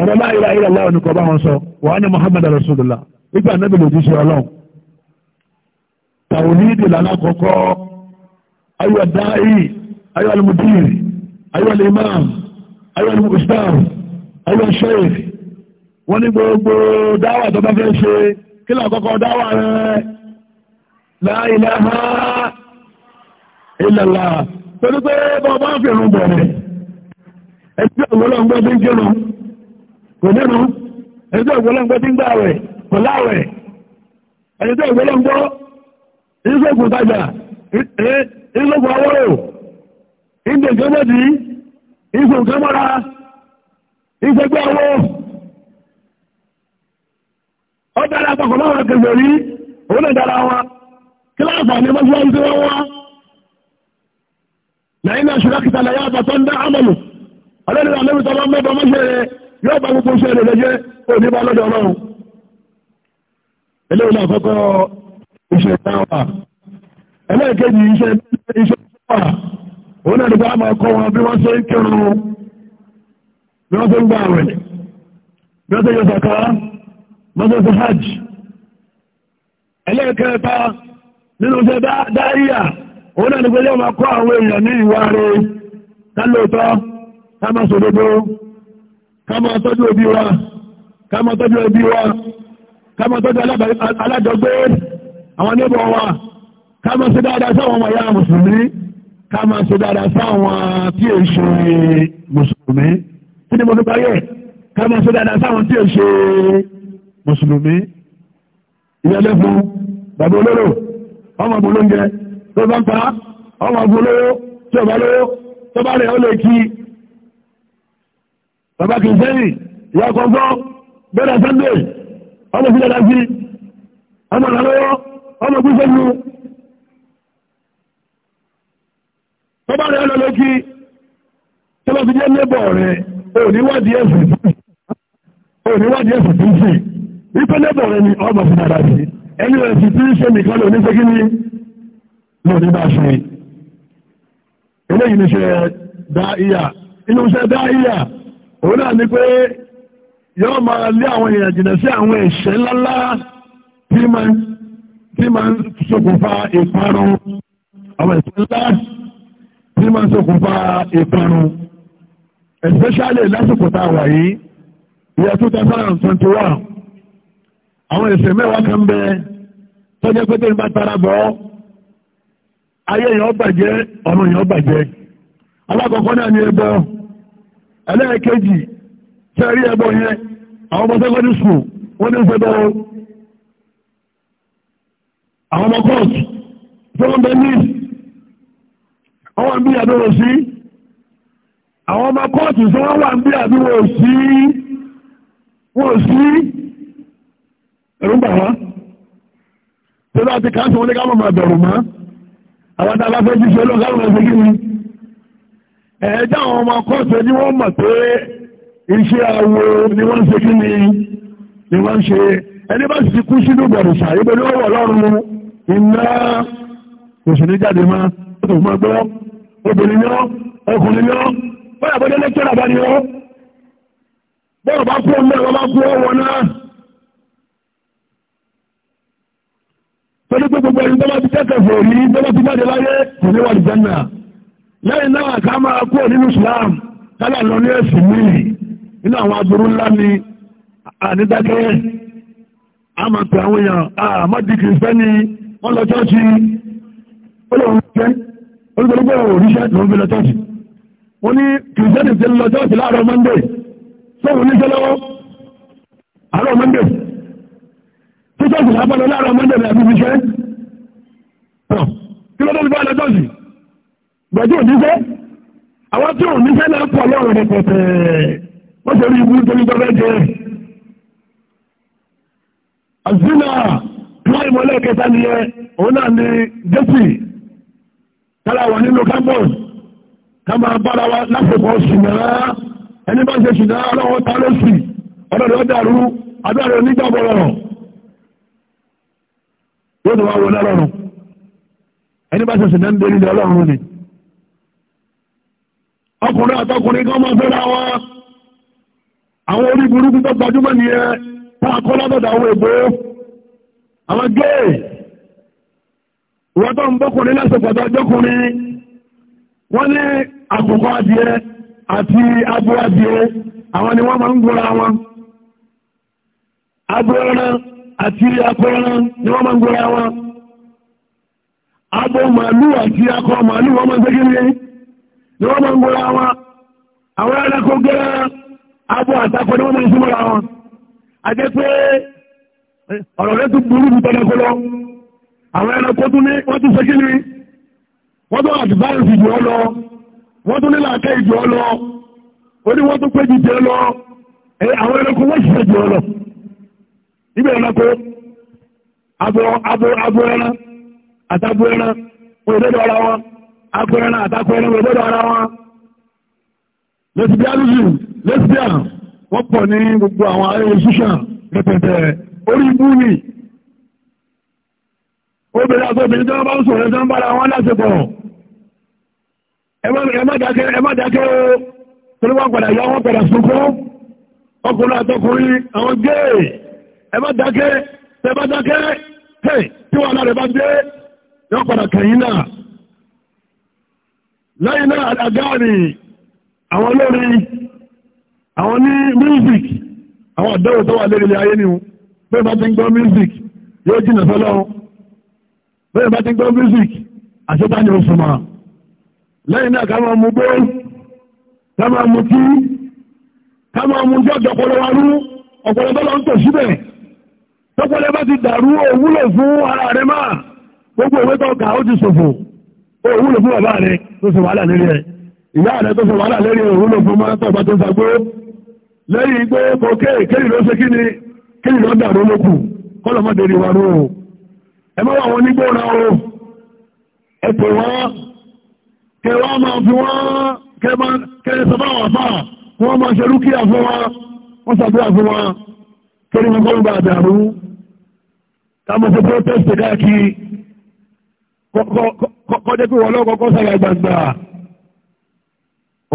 A: ọ̀rọ̀ la ilaha illallah ni kò bá wọn sọ wà á ní Muhammad rasulullah nígbà anábì lòdì sí ọlọ́run tàwíìdì lànà kọ̀kọ́ ayọ̀ dáì ayọ̀ alimudir ayọ̀ imam ayọ̀ alimustar ayọ̀ sheikh wọ́n ní gbogbo dáwà tó bá fẹ́ ṣe kí ló dáwà rẹ̀ la ilaha illallah torí pé bọ́ bá fi rún bọ̀ rẹ̀ ẹgbẹ́ òwúrọ̀ kò nínú ẹni tó ìgbọ́lọ́gbọ́ tí ń gbà rẹ̀ kò láwẹ̀ ẹni tó ìgbọ́lọ́gbọ́ ìṣògùn tajà ìṣògùn awọ́rò ìdè gẹ́mẹ́dì ìṣògùn kẹ́mọ́ra ìṣẹ́gbẹ́ awọ́ ó dára àpapọ̀ láwọn wa yóò bá gbogbo iṣẹ́ rẹ̀ jẹ́ òní bá lọ́dọ̀ ọlọ́run náà iṣẹ́ iṣẹ́ iṣẹ́ òun náà máa kọ́ wọn bí wọ́n ṣe ń kírun bí wọ́n ṣe ń gba àwẹ̀ bí wọ́n ṣe yọ hajj ẹlẹ́ẹ̀kẹta nínú iṣẹ́ dáríyà òun náà nípa máa kọ́ àwọn èèyàn ní ìwà rẹ̀ Kama máa tọ́jú òbí wa ká máa tọ́jú òbí wa ká máa tọ́jú aládọ́gbé àwọn níbọ̀ wa kama máa ṣe dáadáa sáwọn ọmọ ìyá mùsùlùmí ká máa ṣe dáadáa sáwọn tí è ṣe mùsùlùmí kí ni mo fi báyẹ̀ ká máa ṣe dáadáa sáwọn tí è ṣe mùsùlùmí ìyẹlẹ́ fún bàbá olóró ọmọ ọmọ tó bá ń pa ọmọ ọmọ olówó tí ọba tó bá rẹ̀ ó lè kí bàbá kìí sẹ́yìn ìyá kọ̀ọ̀kọ́ bẹ́ẹ̀rẹ̀ sunday ọmọ sílẹ̀ dá sí ọmọ ìrànlọ́wọ́ ọmọ gbígbẹ́ lu tó bá rẹ̀ lọ lókì tó bá fi jẹ́ lébọ̀ rẹ̀ òníwádìí ẹ̀sìn tó ń sìn wípé lébọ̀ rẹ̀ ni ọmọ sílẹ̀ dá sí ẹni rẹ̀ tí ń ṣe nìkan lò ní ṣe ni lò ní bá ṣe eléyìí ni ṣe dá ìyà inú ṣe dá ìyà òun náà ni pé yọ́ máa lé àwọn èèyàn jìnà sí àwọn ẹ̀ṣẹ̀ ńláńlá tí máa tí máa ń ṣokùnfà ìparun àwọn ẹ̀ṣẹ̀ ńlá tí máa ń ṣokùnfà ìparun especially lásìkò tá a wà yìí two thousand and twenty one àwọn ẹ̀ṣẹ̀ mẹ́wàá kan bẹ tọ́jọ́ pété tara bọ́ ayé èèyàn bàjẹ́ ọ̀run bàjẹ́ alákọ̀ọ́kọ́ náà ẹlẹ́ẹ̀kejì tẹ́rí ẹbọ yẹn àwọn ọmọ secondary school wọ́n ní ìfẹ́ bọ́ọ̀ àwọn ọmọ kọ́ọ̀tù tó wọ́n bẹ ní ọwọ́ ń bí àdúrò sí àwọn ọmọ kọ́ọ̀tù tó wọ́n wà ń bí àdúrò sí wọ́n sí ẹ̀rù bà wá tó bá ti káàtì wọn ní ká mọ̀ bẹ̀rù mọ́ àwọn tá a bá fẹ́ jíṣẹ́ lọ́gàrùn-ún ẹ̀sẹ̀ kí ni ẹ̀ẹ́dá àwọn ọmọ akọ́sẹ̀ ni wọ́n mọ̀ pé iṣẹ́ awo ni wọ́n ṣe kí ni ni wọ́n ṣe ẹni bá sì kú sínú bọ̀rùsà ibẹ̀ ni wọ́n wọ̀ lọ́rùn iná òṣèlú jáde máa ó tó fún ẹgbẹ́ obìnrin yọ ọkùnrin yọ bọ́yà bọ́dẹ́ lẹ́kẹ́rà bá ní ọ́ bọ́ọ̀ bá kú ọmọ ẹ̀rọ bá kú gbogbo ẹni tó ti kẹ́kẹ̀ẹ́ fòrí tó ti jáde láyé kò ní wà ní jẹ́nà lẹ́yìn náà ká máa kó nínú Islam kálà lọ ní ẹ̀sìn míì nínú àwọn aburú ńlá ni ànídákẹ́ àmà pé àwọn èèyàn àmọ́dí kìrìsìtẹ́nì wọ́n lọ chọ́ọ̀chì olóòrùn olùgbòlùgbò òrìṣẹ́ ló ń fi lọ chọ́ọ̀chì wọ́n ní kìrìsìtẹ́nì ti lọ chọ́ọ̀chì láàárọ̀ mọ́ndé sóhun níṣẹ́ lọ́wọ́ àárọ̀ mọ́ndé tí chọ́ọ̀chì lábọ́ lọ láàárọ̀ mọ́ndé rẹ̀ àbí fiṣẹ́ kí ló dé gbẹ̀jú òníṣẹ́ àwọn tí òníṣẹ́ náà pọ̀ lọ́rùn rẹ̀ pẹ̀tẹ̀ wọ́n ṣe ibú torí òun náà wà nínú campus bára wa lásìkò ẹni bá ṣe ta ló sì dàrú yóò tó wá wọlé ọlọ́run ẹni bá ṣe ń ni ọkùnrin àtọkùnrin kan máa fẹ́ra wọn àwọn orí burúkú tó gbajúmọ̀ nìyẹn tá a kọ́ látọ̀dọ̀ àwọn ègbó àwọn géè ìwọ́n tó ń bọ́kùnrin lásìkọ̀tọ̀ ọjọ́kùnrin wọ́n ní àkùkọ adìẹ àti adìẹ àwọn ni wọ́n máa ń gbọ́ra wọn ati ẹran àti akọ ẹran ni wọ́n máa ń gbọ́ra wọn malu màálù àti akọ màálù wọ́n máa ń ni wọ́n máa ń gbóra wọn àwọn ẹranko gẹ́rẹ́ abo àtakọ ni wọ́n máa ń súnmọ́ra wọn àjẹ́ pé ọ̀rọ̀ rẹ̀ tún burú ju kọlọ àwọn ẹranko tún ní wọ́n tún ṣẹ́kí ni wọ́n tún àdìbáyọ̀sì jù ọ lọ wọ́n tún nílà àkẹ́ ìjù ọ lọ ó ní wọ́n tún pé lọ àwọn ẹranko wọ́n ọ akọrin náà àtàkọrin náà gbọdọ̀ ara wọn lesbianism lesbian wọ́n pọ̀ ní gbogbo àwọn institution rẹpẹtẹ orí ibú ni obìnrin àti obìnrin tí wọ́n bá ń sọ̀rọ̀ tí wọ́n bára wọn lásìkò ẹ má dákẹ́ ẹ má dákẹ́ o torí wọ́n padà yọ wọ́n padà sunkún ọkùnrin àtọkùnrin àwọn géè ẹ má dákẹ́ ẹ má dákẹ́ tí wọ́n lára bá dé yọ padà kẹ̀yìn náà lẹ́yìn náà àdágáàrí àwọn olórin àwọn ní music àwọn àdáwò tó wà lérí ayé ni bẹ́ẹ̀ bá ti ń gbọ́ music yóò jìnà sọ́lọ́ bẹ́ẹ̀ bá ti ń gbọ́ music àṣetáni oṣù mà lẹ́yìn náà ká máa mú gbé ká máa mú kí ká máa mú jọ́ ọ̀dọ̀pọ̀lọ́ wa rú ọ̀pọ̀lọ́ tó lọ ń tò síbẹ̀ ó wúlò fún bàbá rẹ̀ tó ṣe wàhálà lérí ẹ̀ ìyá rẹ̀ tó ṣe wàhálà lérí ẹ̀ wúlò fún máa tọ̀gbà tó ṣàgbó lẹ́yìn pé kò kéèrè ló ṣe kí ni kéèrè ló dàrú lókù kọ́lọ̀mọ́dé rí wa rú ẹ mọ́ àwọn onígbóra o ẹ pè wọ́n kẹ wọ́n máa fi wọ́n kẹ sọ́bà wà fà wọ́n máa ṣe rúkìá fún wa wọ́n ṣàdúrà fún wa kéré wọn kọ́ kọ́kọ́ jẹ́ pé wọ́n lọ́wọ́ kọ́kọ́ sára gbangba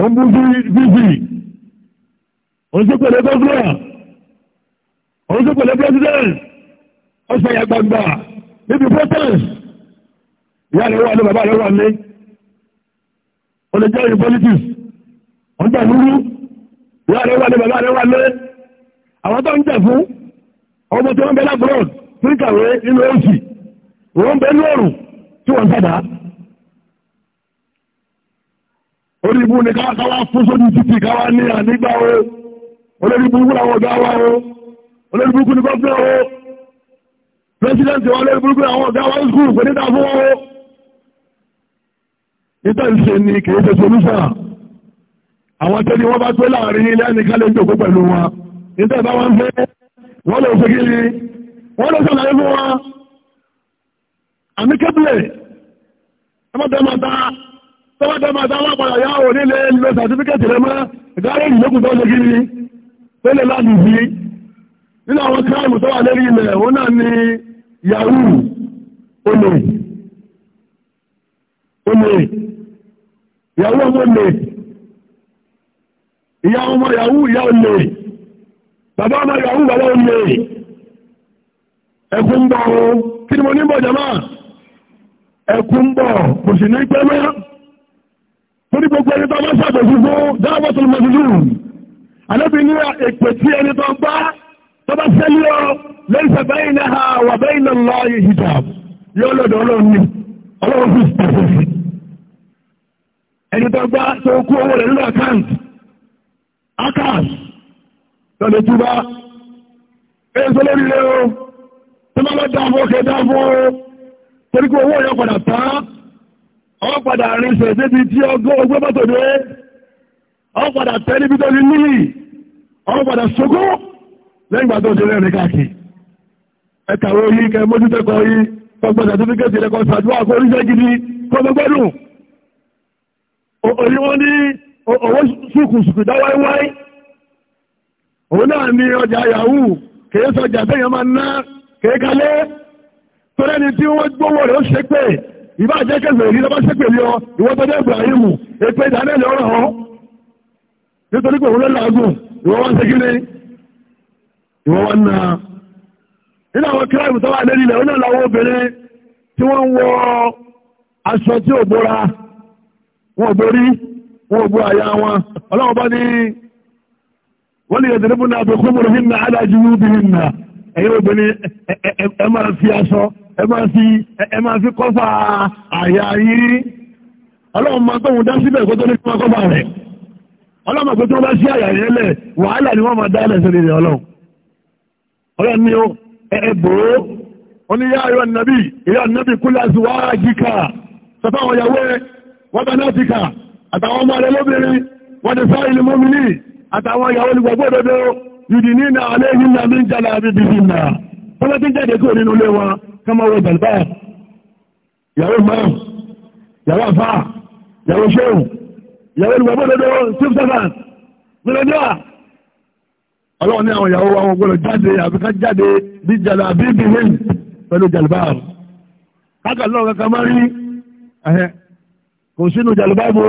A: ó ń bú sí bíbí ó ń sèpèlè gọ́fúnà ó ń sèpèlè pírẹsidẹ́ǹt ó sára gbangba níbi protest ìyá rẹ̀ wà ní bàbá rẹ̀ wà ní ó lè jẹ́ politics ó ń jà lúrú ìyá rẹ̀ wà ní bàbá rẹ̀ wà ní àwọn tó ń jà fún ọmọ tí wọ́n bẹ lábúrò fún ìkàwé nínú oṣù wọ́n bẹ ní tí wọ́n sẹ́dá orí ibú ni káwá fún sódì títì káwá ní ànígbà o olórí ibú kúrò àwọn ọ̀gá wa o olórí ibú kúrò gọ́ọ̀fẹ́ o pírẹsidẹ́ntì wa olórí ibú kúrò àwọn ọ̀gá wa skul kò ní dáa fún wọn o níta ìṣe ni kìí ṣe solúṣà àwọn tẹ́lẹ̀ wọ́n bá tó láàrin ilé ẹnìkan lè jòkó pẹ̀lú wọn níta ìbá fẹ́ wọ́n lè ṣe kí ni wọ́n lè ṣàlàyé fún wọn a kébìlẹ̀ tọ́bátẹ́mọ̀tá tọ́bátẹ́mọ̀tá wọ́n padà yá ò nílé lo sàtífíkẹ́tì rẹ mọ́ ìdáre ìlókùn tó lè gírí pẹ́lẹ̀ láti fi nínú àwọn kíráìmù tó wà lérí ilẹ̀ òun náà ni yahoo olè olè yahoo ọmọ ọ yahoo one! yahoo ẹkún bọ̀ kò sì ní pẹ́ mẹ́rán torí gbogbo ẹni tó bá ṣàbẹ̀sí fún dáwọ́tò mọ̀sílùm alẹ́bí ní èpè tí ẹni tó bá tó bá sẹ́lẹ̀ ọ lẹ́yìn sàbẹ́yìn náà wà bẹ́yìn náà lọ hijab yóò lọ́dọ̀ ọlọ́run ní ọlọ́run fi pàṣẹ sí ẹni tó bá tó kú owó rẹ̀ nínú àkáǹtì akas lọ́dọ̀ túbá ẹ̀ sọ lórí rẹ̀ o tó bá lọ́ dáàbò kẹ́ dáàbò o torí pé owó yọ padà tán ọ padà rinṣẹ̀ débi tí ọgọ́ ogbé mọ́tò dé ọ padà tẹ́ níbi tó ní níyì ọ padà ṣogó lẹ́yìn ìgbà tó ti rẹ́rìn káàkiri ẹ̀kàwé yìí kẹ mójútẹ́kọ̀ yìí tọgbọ́n sàtífíkẹ́tì rẹ̀ kan ṣàdúrà kó oríṣẹ́ gidi kọ́mọgbẹ́dùn òní wọ́n ní owó ṣùkùṣùkù dá wáíwáí òun náà ní ọjà yahoo kèé sọjà tẹ́yàn máa ná kèé kalẹ́ torí ẹni tí wọ́n gbówó rẹ̀ ó ṣe pé ìbá àjẹkẹsẹ̀ èyí lọ́ba ṣe pèlú ọ ìwọ́n tó jẹ́ Ibrahim èpè ìdánilẹ̀ ọ̀rọ̀ ọ nítorí pé òun ló làágùn ìwọ́n wá ń ṣe kíni ìwọ́n wá ń na nínú àwọn kíláàbù tó wà lórí ilẹ̀ onílẹ̀ àwọn obìnrin tí wọ́n ń wọ aṣọ tí ò bóra wọn ò borí wọn ò bo àyà wọn ọlọ́wọ́n bá ní wọ́n lè yẹ̀dẹ̀ nípò náà àbẹ̀kú mọ̀rọ̀ hinna aláàjì wúbi hinna ẹ̀yin obìnrin ẹ̀ máa fi aṣọ ẹ máa fi kọ́fà àyà yìí ọlọ́run máa tóun dá síbẹ̀ kó tó ní máa kọ́fà rẹ̀ ọlọ́run máa pé tí wọ́n bá sí àyà yẹn lẹ̀ wàhálà ni wọ́n máa dá ẹlẹ́sẹ̀ lè rẹ̀ ọlọ́run ọlọ́run ni ó ẹ bò ó ó ní yá ayọ́ nàbí ìyá nàbí kúlẹ̀ àzùwájìkà sọ fáwọn ìyàwó ẹ wọ́n bá náà ti àtàwọn ọmọ rẹ lóbìnrin wọ́n ti sáà ìlú mọ́mìnì àtàwọn ìyàwó olùgbàgbọ́ òdodo yìí ní àlẹ́ yìí nà ń jalè àbí bìbí náà tọ́lá tí ń jáde kúrò nínú ilé wọn kọ́mọ wọ jàlùbá ìyàwó mọ́rùn ìyàwó àfà ìyàwó ṣéhùn ìyàwó olùgbàgbọ́dodo chief servant mílíọ̀dúà ọlọ́run ní àwọn ìyàwó wa wọn gbọ́dọ̀ jáde àbíká jáde bí jàlù àbí bí wíìn pẹ̀lú jàlùbá kákà lọ́wọ́ kankan má rí kò sínú jàlùbá bò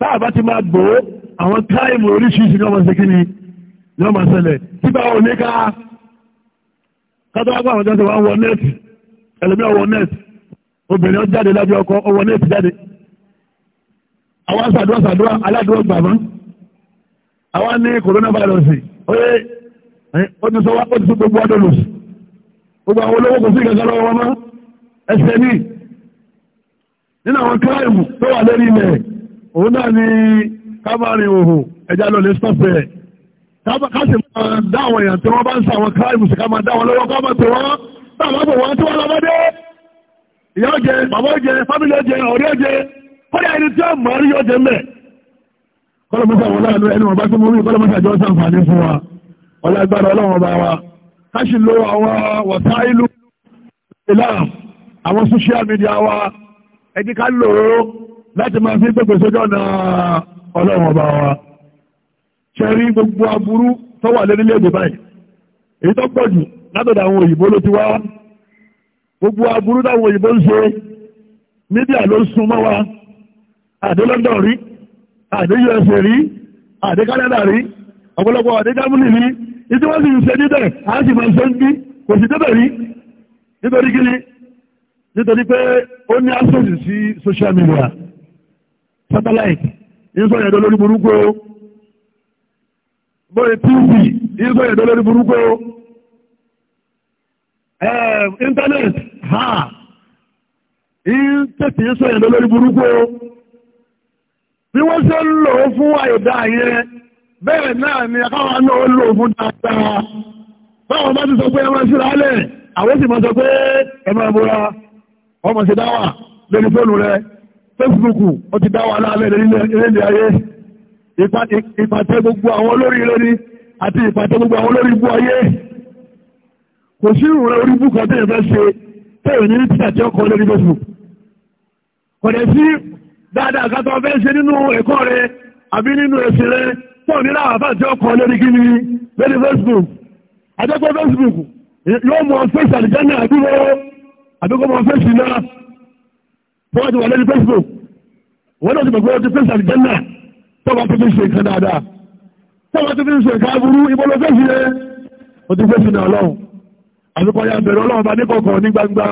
A: táà bá ti máa gbòó àwọn táìmù oríṣiríṣi ní ọmọ yọ́ máa ṣẹlẹ̀ sígbà wọn ní ká kátó wá pàwọn jáde wá wọ nẹ́ẹ̀tì ẹlẹ́mí ọwọ́ nẹ́ẹ̀tì obìnrin ọ jáde lábẹ́ ọkọ ọwọ́ nẹ́ẹ̀tì jáde àwọn sàdúrà sàdúrà aládùúgbò gbàmọ́ àwọn ní coronavirus oyè ó ti sọ wá ó ti sọ gbogbo ọdún lòsì gbogbo àwọn olówó kò sí ìkẹ́kẹ́ lọ́wọ́ wọn mọ́ ẹsẹ̀ ní nínú àwọn kíláìmù tó wà lórí ilẹ̀ òun náà ni kámárìn òhò ẹja lọ lè sọ́fẹ̀ẹ́ káàsì máa dá àwọn èèyàn tí wọ́n bá ń sa àwọn kíláìmù sí ká máa dá wọn lọ́wọ́ ká máa pè wọ́n bá àwọn àbò wọn tí wọ́n lọ́mọdé ìyá ọjẹ bàbá ọjẹ fámìlì ọjẹ ọ̀rẹ́ ọjẹ kọ́dà ẹni tí wọ́n mọ̀ rí ọjẹ mẹ́. kọ́lọ́mọ́sá wọn láàánú ẹni wọn bá tó mú kọ́lọ́mọ́sá jọ sàǹfààní fún wa ọlágbára ọlọ́wọ́n bá wa káṣí lo àwọn wọ̀táìlú ìlà àwọn social media wa ẹ̀jẹ̀ ká lò ó láti máa fi gbẹ̀gbẹ̀ sójú ọ̀nà ṣẹ́rí gbogbo aburú tó wà lórílẹ̀-èdè báyìí èyí tó pọ̀jù látọ̀dọ̀ àwọn òyìnbó ló ti wá gbogbo aburú táwọn òyìnbó ń ṣe mídíà ló ń sun mọ́ wa àdé London rí àdé USA rí àdé Canada rí ọ̀pọ̀lọpọ̀ àdé Germany rí ìdí wọ́n sì ń ṣe níbẹ̀ á sì máa ń ṣe ń bí kò sì débẹ̀ rí nítorí kí ni nítorí pé ó ní access sí social media satellite ní sọ̀rọ̀ ẹ̀dọ́ lórí burúkú bóyá tíìsì ìgbé ẹ̀dọ́ lórí burúkú íńtánẹ́ẹ̀tì ha íńtẹ́tì ìsọ ẹ̀dọ́ lórí burúkú bí wọ́n ṣe ń lò ó fún àyèdá yẹn bẹ́ẹ̀ náà ni akáwọn náà ó lò fún dáadáa báwọn bá ti sọ pé ẹ máa lẹ̀ àwọn sì máa sọ pé ọmọ dáwà lórí fóònù rẹ ó ti dáwà láàlẹ́ ìpàtẹ gbogbo àwọn olórí lórí àti ìpàtẹ gbogbo àwọn olórí bú ayé kò sí ìrùn orí bú kan tẹ́yẹ̀ fẹ́ ṣe tẹ́yẹ̀ ní títà tí ó kọ lórí Facebook kò dẹ̀ sí dáadáa kan tó fẹ́ ṣe nínú ẹ̀kọ́ rẹ àbí nínú ẹ̀sìn rẹ pọ̀ ní láwàfà tí ó kọ lórí kí ni lórí Facebook àjẹpọ̀ Facebook yóò mọ fèsì àdìjánà àdúró àdúgbò mọ fèsì náà fọwọ́ ti wà lórí Facebook wọ́n náà ti gbàgbọ́ ti fèsì àdìjánà tọ́ba tó fi ṣe nǹkan dáadáa tọ́ba tó fi ṣe nǹkan aburú ìbọ̀lọ́ fẹ́ ṣe o ti fẹ́ ṣe náà lọ́hùn àsìkò ya bẹ̀rẹ̀ ọlọ́run bá ní kọ̀ọ̀kan ní gbangba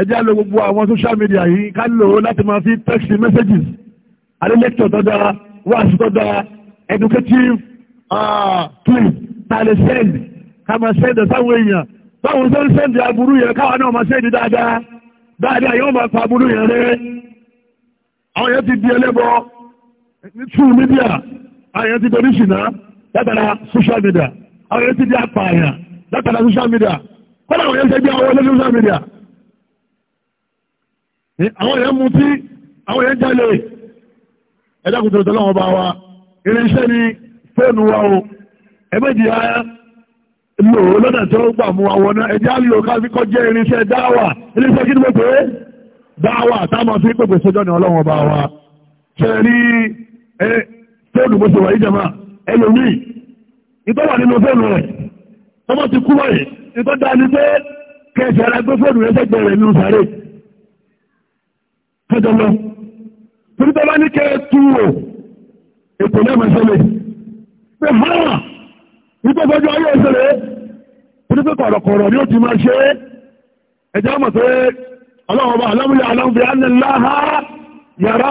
A: ẹ jẹ́ àlọ́ gbogbo àwọn social media yìí ká lò ó láti máa fi text messages adélẹ́tọ̀ tó dáa wáàsí tó dáa educative ah, clip tá a lè send ká máa send ẹ̀ sáwọn èèyàn báwo ṣe ń send aburú yẹn káwa náà máa send dáadáa dáadáa yóò máa fa aburú yẹn rẹ àwọn yẹn ti di ẹlẹ́bọ̀ọ́ ní true media àyẹ̀ ti dorí ṣìnà látara social media àyẹ̀ ti di apààyàn látara social media kọ́lá àwọn yẹn ṣe bí àwọn olóṣèlú social media àwọn yẹn mutí àwọn yẹn jalè ẹ̀dá kùtùrù tó lọ́wọ́ bá wa irinṣẹ́ ni fóònù wa o ẹ̀mẹ́jì ayá lò ó lọ́nà tó gbà mú àwọn náà ẹ̀já lò káfí kọ́ jẹ́ irinṣẹ́ dáwà irinṣẹ́ kí ni mo pè é dáwà táwọn fi pèpè sójọ́ ni ọlọ́wọ́ bá wa ṣe ẹ fóònù bó ṣe wà yìí jama ẹlòmíì ìtọ́ wà nínú fóònù rẹ̀ tọ́mọ ti kú wáyé ìtọ́ da ni pé kẹsì ara gbé fóònù rẹ̀ sẹ́gbẹ̀ẹ́ rẹ̀ nínú sàárè kẹjọ lọ torí tọ́lá ní kẹ́ tú o ètò náà máa ṣẹlẹ̀ pé hàn ìtọ́ fọ́jú ayé kọ̀rọ̀kọ̀rọ̀ ni ó ti máa ṣe ẹ̀jẹ̀ àmọ̀ pé yàrá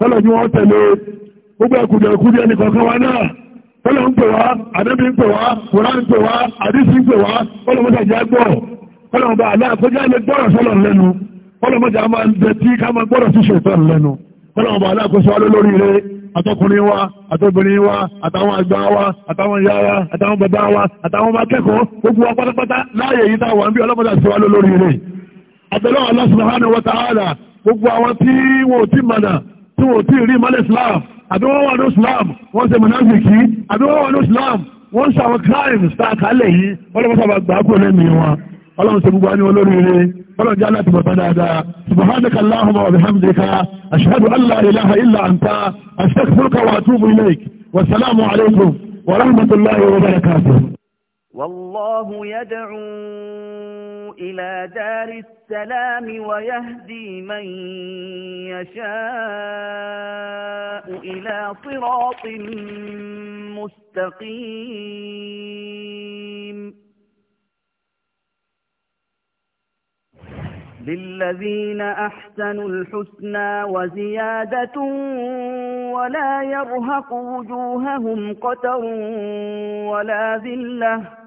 A: tọ́lọ̀ ni wọ́n tẹ̀lé gbogbo ẹ̀kùdẹ̀kùdẹ̀ ẹnìkọ̀ọ̀kan wa náà tọ́lọ̀ ń pè wá àdẹ́bí ń pè wá kòrá ń pè wá àdísí ń pè wá ọlọ́mọdàjá gbọ́ ọlọ́mọdà aláàkójá lè gbọ́rọ̀ sọ́lọ̀ lẹ́nu ọlọ́mọdà máa ń bẹ tí ká máa gbọ́rọ̀ sí ṣètọ́n lẹ́nu ọlọ́mọdà aláàkóso wa lórí rẹ àtọkùnrin wa àtọbìnrin wa àtàwọn àgbà wa àtàwọn ìyá wa àtàwọn bàbá wa àtàwọn ọmọ akẹ́kọ̀ọ́ gbogbo wa pátápátá láàyè yìí tá a wà ń bí ọlọ́mọdà sí wa lórí rẹ àtẹlẹ́wọ̀n Allah subhanahu wa ta'ala gbogbo àwọn tí wọn ò tí mọ̀nà tí wọ́n tí rí mọ́lẹ̀ Islam àbí wọ́n wà ní Islam wọ́n ṣe mọ̀náfíkì àbí wọ́n wà ní Islam wọ́n ṣe crimes tá a kálẹ̀ yìí ọlọ́run sábà gbà kúrò lẹ́mí wọn ọlọ́run ṣe gbogbo àwọn olóríire ọlọ́run jẹ́ aláàtì subhanaka allahumma bihamdika ashhadu an la ilaha illa anta astaghfiruka wa atubu ilayk wa salaamu wa rahmatullahi wa barakatuh. wallahu yad'u إلى دار السلام ويهدي من يشاء إلى صراط مستقيم للذين أحسنوا الحسنى وزيادة ولا يرهق وجوههم قتر ولا ذِلَّةٌ